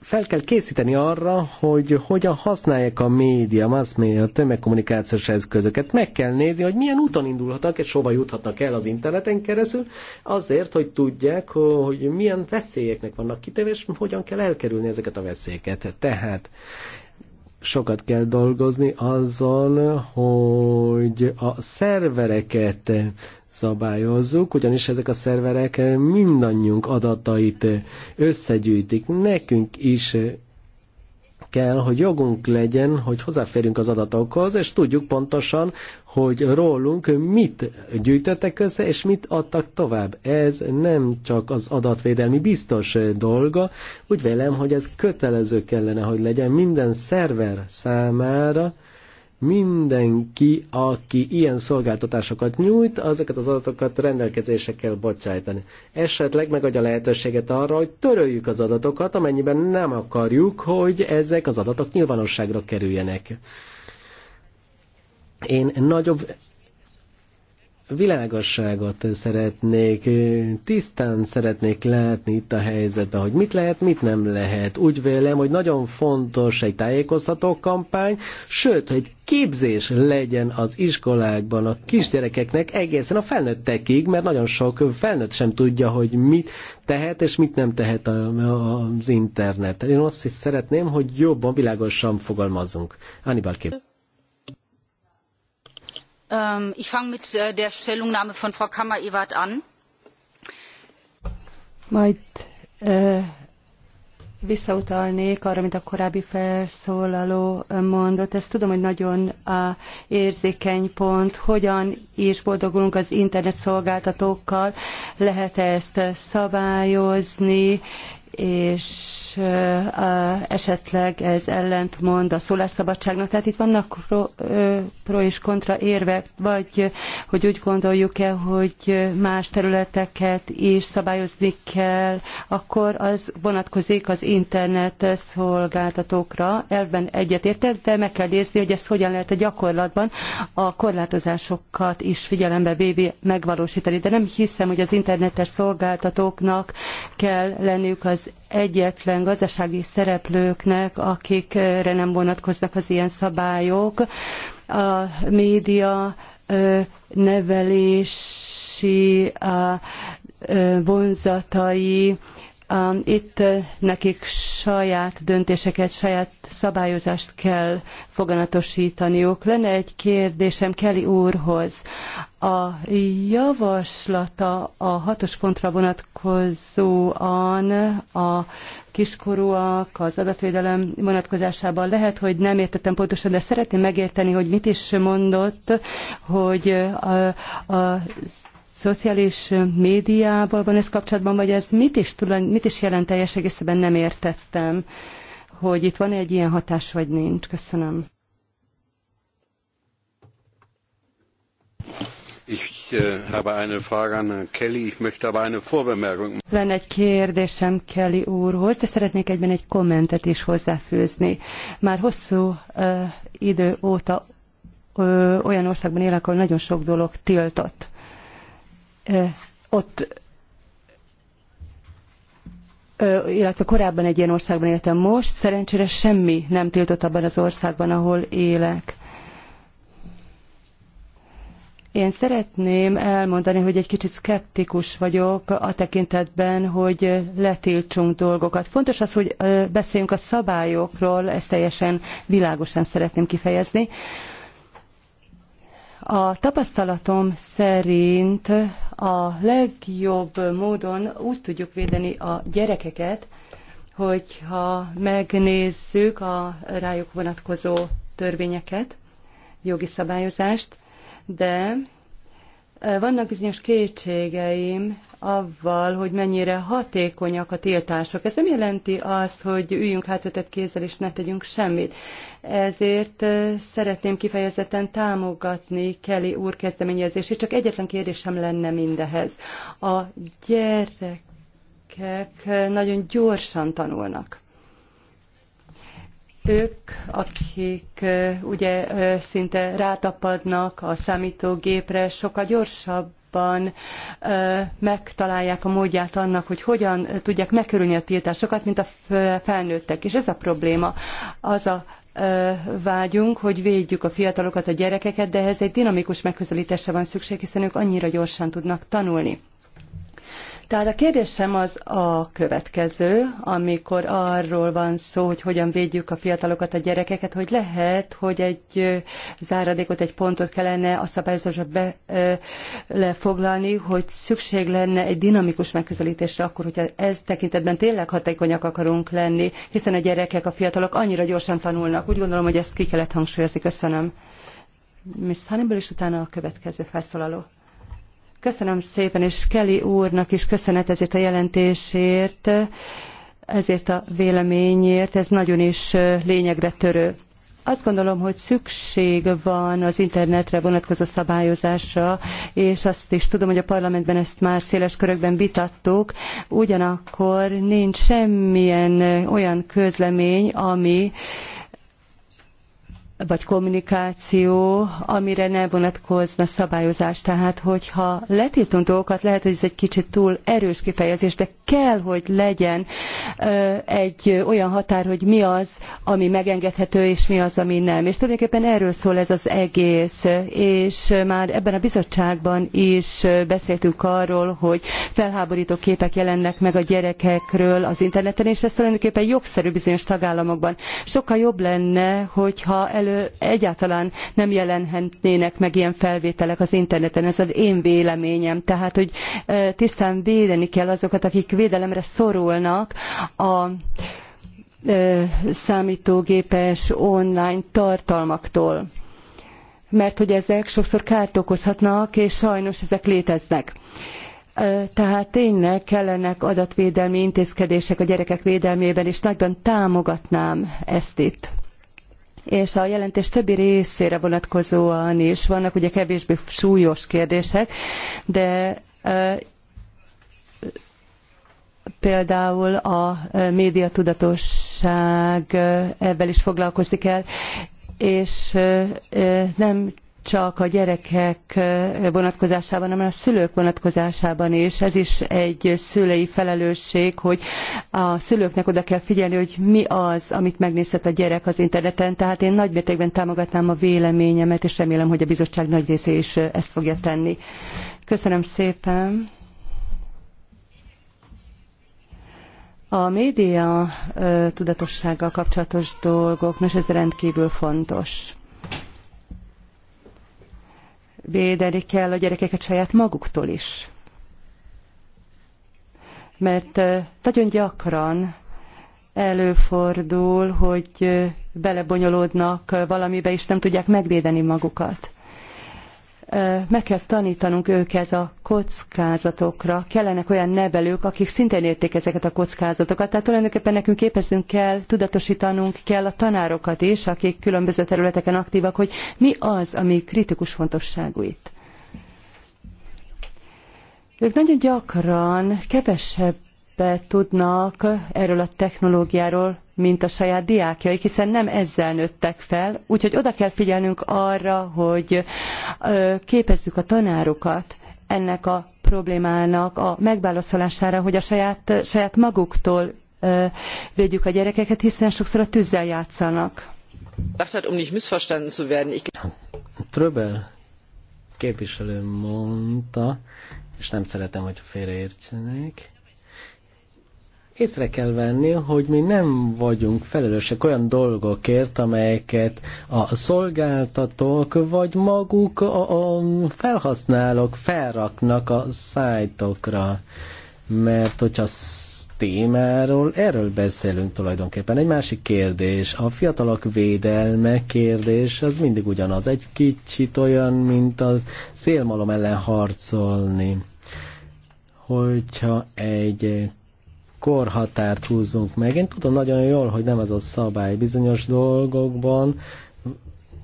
fel kell készíteni arra, hogy hogyan használják a média, mass media, a tömegkommunikációs eszközöket. Meg kell nézni, hogy milyen úton indulhatnak és hova juthatnak el az interneten keresztül, azért, hogy tudják, hogy milyen veszélyeknek vannak kitéve, és hogyan kell elkerülni ezeket a veszélyeket. Tehát sokat kell dolgozni azon, hogy a szervereket szabályozzuk, ugyanis ezek a szerverek mindannyiunk adatait összegyűjtik. Nekünk is kell, hogy jogunk legyen, hogy hozzáférjünk az adatokhoz, és tudjuk pontosan, hogy rólunk mit gyűjtöttek össze, és mit adtak tovább. Ez nem csak az adatvédelmi biztos dolga, úgy vélem, hogy ez kötelező kellene, hogy legyen minden szerver számára, mindenki, aki ilyen szolgáltatásokat nyújt, azokat az adatokat rendelkezésre kell bocsájtani. Esetleg megadja lehetőséget arra, hogy töröljük az adatokat, amennyiben nem akarjuk, hogy ezek az adatok nyilvánosságra kerüljenek. Én nagyobb világosságot szeretnék, tisztán szeretnék látni itt a helyzetben, hogy mit lehet, mit nem lehet. Úgy vélem, hogy nagyon fontos egy tájékoztató kampány, sőt, hogy képzés legyen az iskolákban a kisgyerekeknek egészen a felnőttekig, mert nagyon sok felnőtt sem tudja, hogy mit tehet és mit nem tehet a, az internet. Én azt is szeretném, hogy jobban, világosan fogalmazunk. Anibal kép. Ähm, ich fange mit äh, der Stellungnahme von Frau kammer an. Majd äh, visszautalnék arra, mint a korábbi felszólaló mondott. Ezt tudom, hogy nagyon érzékeny pont. Hogyan is boldogulunk az internet szolgáltatókkal? Lehet -e ezt szabályozni, és esetleg ez ellentmond a szólásszabadságnak. Tehát itt vannak pro, pro és kontra érvek, vagy hogy úgy gondoljuk-e, hogy más területeket is szabályozni kell, akkor az vonatkozik az internet szolgáltatókra. Elven egyetértek, de meg kell nézni, hogy ezt hogyan lehet a gyakorlatban a korlátozásokat is figyelembe véve megvalósítani. De nem hiszem, hogy az internetes szolgáltatóknak kell lenniük az az egyetlen gazdasági szereplőknek, akikre nem vonatkoznak az ilyen szabályok. A média nevelési vonzatai Um, itt uh, nekik saját döntéseket, saját szabályozást kell foganatosítaniuk. Lenne egy kérdésem Kelly úrhoz. A javaslata a hatos pontra vonatkozóan a kiskorúak, az adatvédelem vonatkozásában lehet, hogy nem értettem pontosan, de szeretném megérteni, hogy mit is mondott, hogy uh, a, a szociális médiával van ez kapcsolatban, vagy ez mit is, tulaj, mit is jelent teljes egészében nem értettem, hogy itt van -e egy ilyen hatás, vagy nincs. Köszönöm. Ich äh, habe eine Frage an Kelly, ich möchte aber eine Vorbemerkung. Lenne egy kérdésem Kelly úrhoz, de szeretnék egyben egy kommentet is hozzáfűzni. Már hosszú idő óta olyan országban élek, ahol nagyon sok dolog tiltott ott illetve korábban egy ilyen országban éltem most, szerencsére semmi nem tiltott abban az országban, ahol élek. Én szeretném elmondani, hogy egy kicsit szkeptikus vagyok a tekintetben, hogy letiltsunk dolgokat. Fontos az, hogy beszéljünk a szabályokról, ezt teljesen világosan szeretném kifejezni. A tapasztalatom szerint a legjobb módon úgy tudjuk védeni a gyerekeket, hogyha megnézzük a rájuk vonatkozó törvényeket, jogi szabályozást, de eh, vannak bizonyos kétségeim avval, hogy mennyire hatékonyak a tiltások. Ez nem jelenti azt, hogy üljünk hátötett kézzel és ne tegyünk semmit. Ezért szeretném kifejezetten támogatni Kelly úr kezdeményezését, csak egyetlen kérdésem lenne mindehez. A gyerekek nagyon gyorsan tanulnak ők, akik ugye szinte rátapadnak a számítógépre, sokkal gyorsabb jobban megtalálják a módját annak, hogy hogyan tudják megkerülni a tiltásokat, mint a felnőttek. És ez a probléma. Az a vágyunk, hogy védjük a fiatalokat, a gyerekeket, de ehhez egy dinamikus megközelítésre van szükség, hiszen ők annyira gyorsan tudnak tanulni. Tehát a kérdésem az a következő, amikor arról van szó, hogy hogyan védjük a fiatalokat, a gyerekeket, hogy lehet, hogy egy záradékot, egy pontot kellene a szabályozásra belefoglalni, hogy szükség lenne egy dinamikus megközelítésre akkor, hogyha ez tekintetben tényleg hatékonyak akarunk lenni, hiszen a gyerekek, a fiatalok annyira gyorsan tanulnak. Úgy gondolom, hogy ezt ki kellett hangsúlyozni. Köszönöm. Miss Hannibal, és utána a következő felszólaló. Köszönöm szépen, és Kelly úrnak is köszönet ezért a jelentésért, ezért a véleményért, ez nagyon is lényegre törő. Azt gondolom, hogy szükség van az internetre vonatkozó szabályozásra, és azt is tudom, hogy a parlamentben ezt már széles körökben vitattuk, ugyanakkor nincs semmilyen olyan közlemény, ami vagy kommunikáció, amire ne vonatkozna szabályozás. Tehát, hogyha letiltunk dolgokat, lehet, hogy ez egy kicsit túl erős kifejezés, de kell, hogy legyen egy olyan határ, hogy mi az, ami megengedhető, és mi az, ami nem. És tulajdonképpen erről szól ez az egész, és már ebben a bizottságban is beszéltünk arról, hogy felháborító képek jelennek meg a gyerekekről az interneten, és ez tulajdonképpen jogszerű bizonyos tagállamokban. Sokkal jobb lenne, hogyha elő egyáltalán nem jelenhetnének meg ilyen felvételek az interneten. Ez az én véleményem. Tehát, hogy tisztán védeni kell azokat, akik védelemre szorulnak a számítógépes online tartalmaktól mert hogy ezek sokszor kárt okozhatnak, és sajnos ezek léteznek. Tehát tényleg kellenek adatvédelmi intézkedések a gyerekek védelmében, és nagyban támogatnám ezt itt és a jelentés többi részére vonatkozóan is vannak ugye kevésbé súlyos kérdések, de például a médiatudatosság ebben is foglalkozni kell, és nem csak a gyerekek vonatkozásában, hanem a szülők vonatkozásában is. Ez is egy szülei felelősség, hogy a szülőknek oda kell figyelni, hogy mi az, amit megnézhet a gyerek az interneten. Tehát én nagymértékben támogatnám a véleményemet, és remélem, hogy a bizottság nagy része is ezt fogja tenni. Köszönöm szépen. A média tudatossággal kapcsolatos dolgok, nos ez rendkívül fontos védeni kell a gyerekeket saját maguktól is. Mert nagyon gyakran előfordul, hogy belebonyolódnak valamibe, és nem tudják megvédeni magukat meg kell tanítanunk őket a kockázatokra. Kellenek olyan nevelők, akik szintén értik ezeket a kockázatokat. Tehát tulajdonképpen nekünk képeznünk kell, tudatosítanunk kell a tanárokat is, akik különböző területeken aktívak, hogy mi az, ami kritikus fontosságú itt. Ők nagyon gyakran kevesebb többet tudnak erről a technológiáról, mint a saját diákjaik, hiszen nem ezzel nőttek fel, úgyhogy oda kell figyelnünk arra, hogy képezzük a tanárokat ennek a problémának a megválaszolására, hogy a saját, saját maguktól védjük a gyerekeket, hiszen sokszor a tűzzel játszanak. Um Tröbel képviselő mondta, és nem szeretem, hogy félreértsenek, Észre kell venni, hogy mi nem vagyunk felelősek olyan dolgokért, amelyeket a szolgáltatók vagy maguk a, a felhasználók felraknak a szájtokra. Mert hogyha témáról, erről beszélünk tulajdonképpen. Egy másik kérdés, a fiatalok védelme kérdés, az mindig ugyanaz. Egy kicsit olyan, mint a szélmalom ellen harcolni. Hogyha egy korhatárt húzzunk meg. Én tudom nagyon jól, hogy nem ez a szabály bizonyos dolgokban,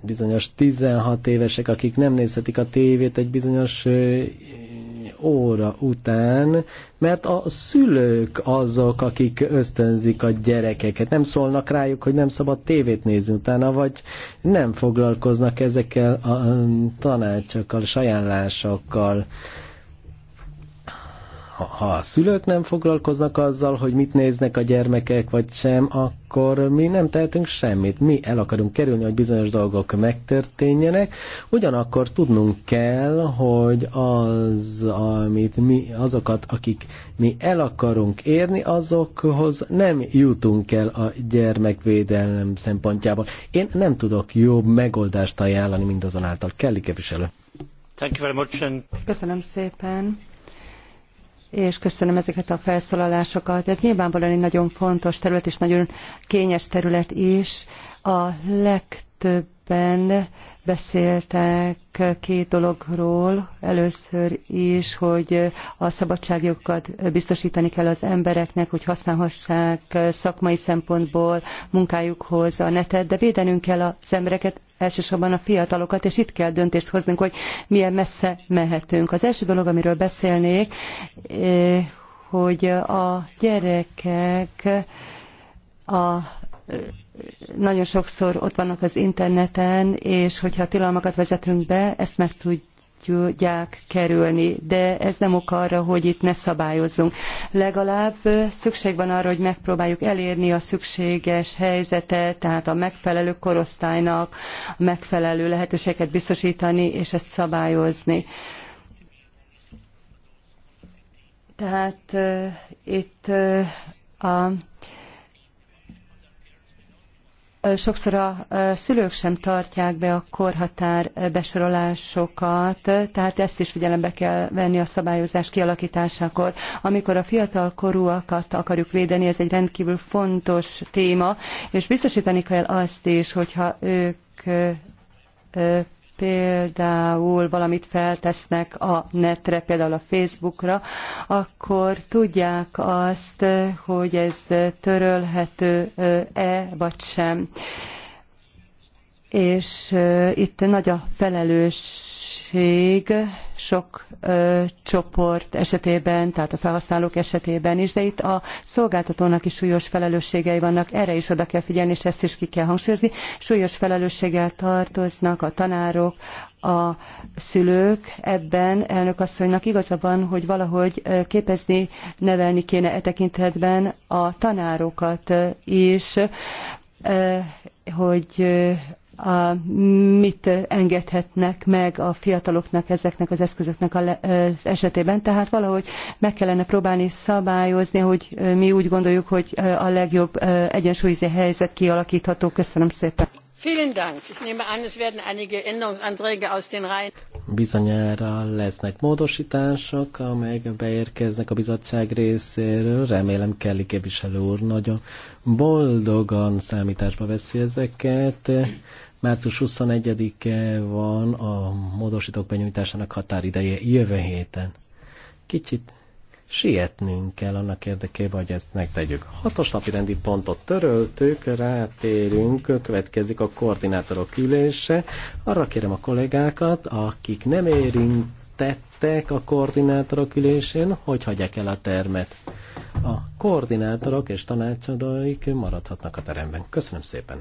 bizonyos 16 évesek, akik nem nézhetik a tévét egy bizonyos óra után, mert a szülők azok, akik ösztönzik a gyerekeket. Nem szólnak rájuk, hogy nem szabad tévét nézni utána, vagy nem foglalkoznak ezekkel a tanácsokkal, sajánlásokkal ha a szülők nem foglalkoznak azzal, hogy mit néznek a gyermekek, vagy sem, akkor mi nem tehetünk semmit. Mi el akarunk kerülni, hogy bizonyos dolgok megtörténjenek, ugyanakkor tudnunk kell, hogy az, amit mi, azokat, akik mi el akarunk érni, azokhoz nem jutunk el a gyermekvédelem szempontjából. Én nem tudok jobb megoldást ajánlani azonáltal. Kelly képviselő. Thank you very much. Köszönöm szépen és köszönöm ezeket a felszólalásokat. Ez nyilvánvalóan egy nagyon fontos terület, és nagyon kényes terület is. A legtöbben beszéltek két dologról. Először is, hogy a szabadságjogokat biztosítani kell az embereknek, hogy használhassák szakmai szempontból munkájukhoz a netet, de védenünk kell az embereket elsősorban a fiatalokat, és itt kell döntést hoznunk, hogy milyen messze mehetünk. Az első dolog, amiről beszélnék, eh, hogy a gyerekek a eh, nagyon sokszor ott vannak az interneten, és hogyha tilalmakat vezetünk be, ezt meg tud tudják kerülni, de ez nem ok arra, hogy itt ne szabályozzunk. Legalább szükség van arra, hogy megpróbáljuk elérni a szükséges helyzetet, tehát a megfelelő korosztálynak a megfelelő lehetőséget biztosítani, és ezt szabályozni. Tehát uh, itt uh, a sokszor a szülők sem tartják be a korhatár besorolásokat, tehát ezt is figyelembe kell venni a szabályozás kialakításakor. Amikor a fiatal korúakat akarjuk védeni, ez egy rendkívül fontos téma, és biztosítani kell azt is, hogyha ők például valamit feltesznek a netre, például a Facebookra, akkor tudják azt, hogy ez törölhető-e vagy sem és itt nagy a felelősség sok csoport esetében, tehát a felhasználók esetében is, de itt a szolgáltatónak is súlyos felelősségei vannak, erre is oda kell figyelni, és ezt is ki kell hangsúlyozni. Súlyos felelősséggel tartoznak a tanárok, a szülők ebben elnök igaza van, hogy valahogy képezni, nevelni kéne e tekintetben a tanárokat is, hogy a, mit engedhetnek meg a fiataloknak ezeknek az eszközöknek a, az esetében. Tehát valahogy meg kellene próbálni szabályozni, hogy mi úgy gondoljuk, hogy a legjobb egyensúlyi helyzet kialakítható. Köszönöm szépen. Vielen Dank. Ich nehme an, es werden einige Änderungsanträge aus den Reihen. Bizonyára lesznek módosítások, amelyek beérkeznek a bizottság részéről. Remélem Kelly képviselő úr nagyon boldogan számításba veszi ezeket. Március 21-e van a módosítók benyújtásának határideje jövő héten. Kicsit sietnünk kell annak érdekében, hogy ezt megtegyük. Hatos napi rendi pontot töröltük, rátérünk, következik a koordinátorok ülése. Arra kérem a kollégákat, akik nem érintettek a koordinátorok ülésén, hogy hagyják el a termet. A koordinátorok és tanácsadóik maradhatnak a teremben. Köszönöm szépen!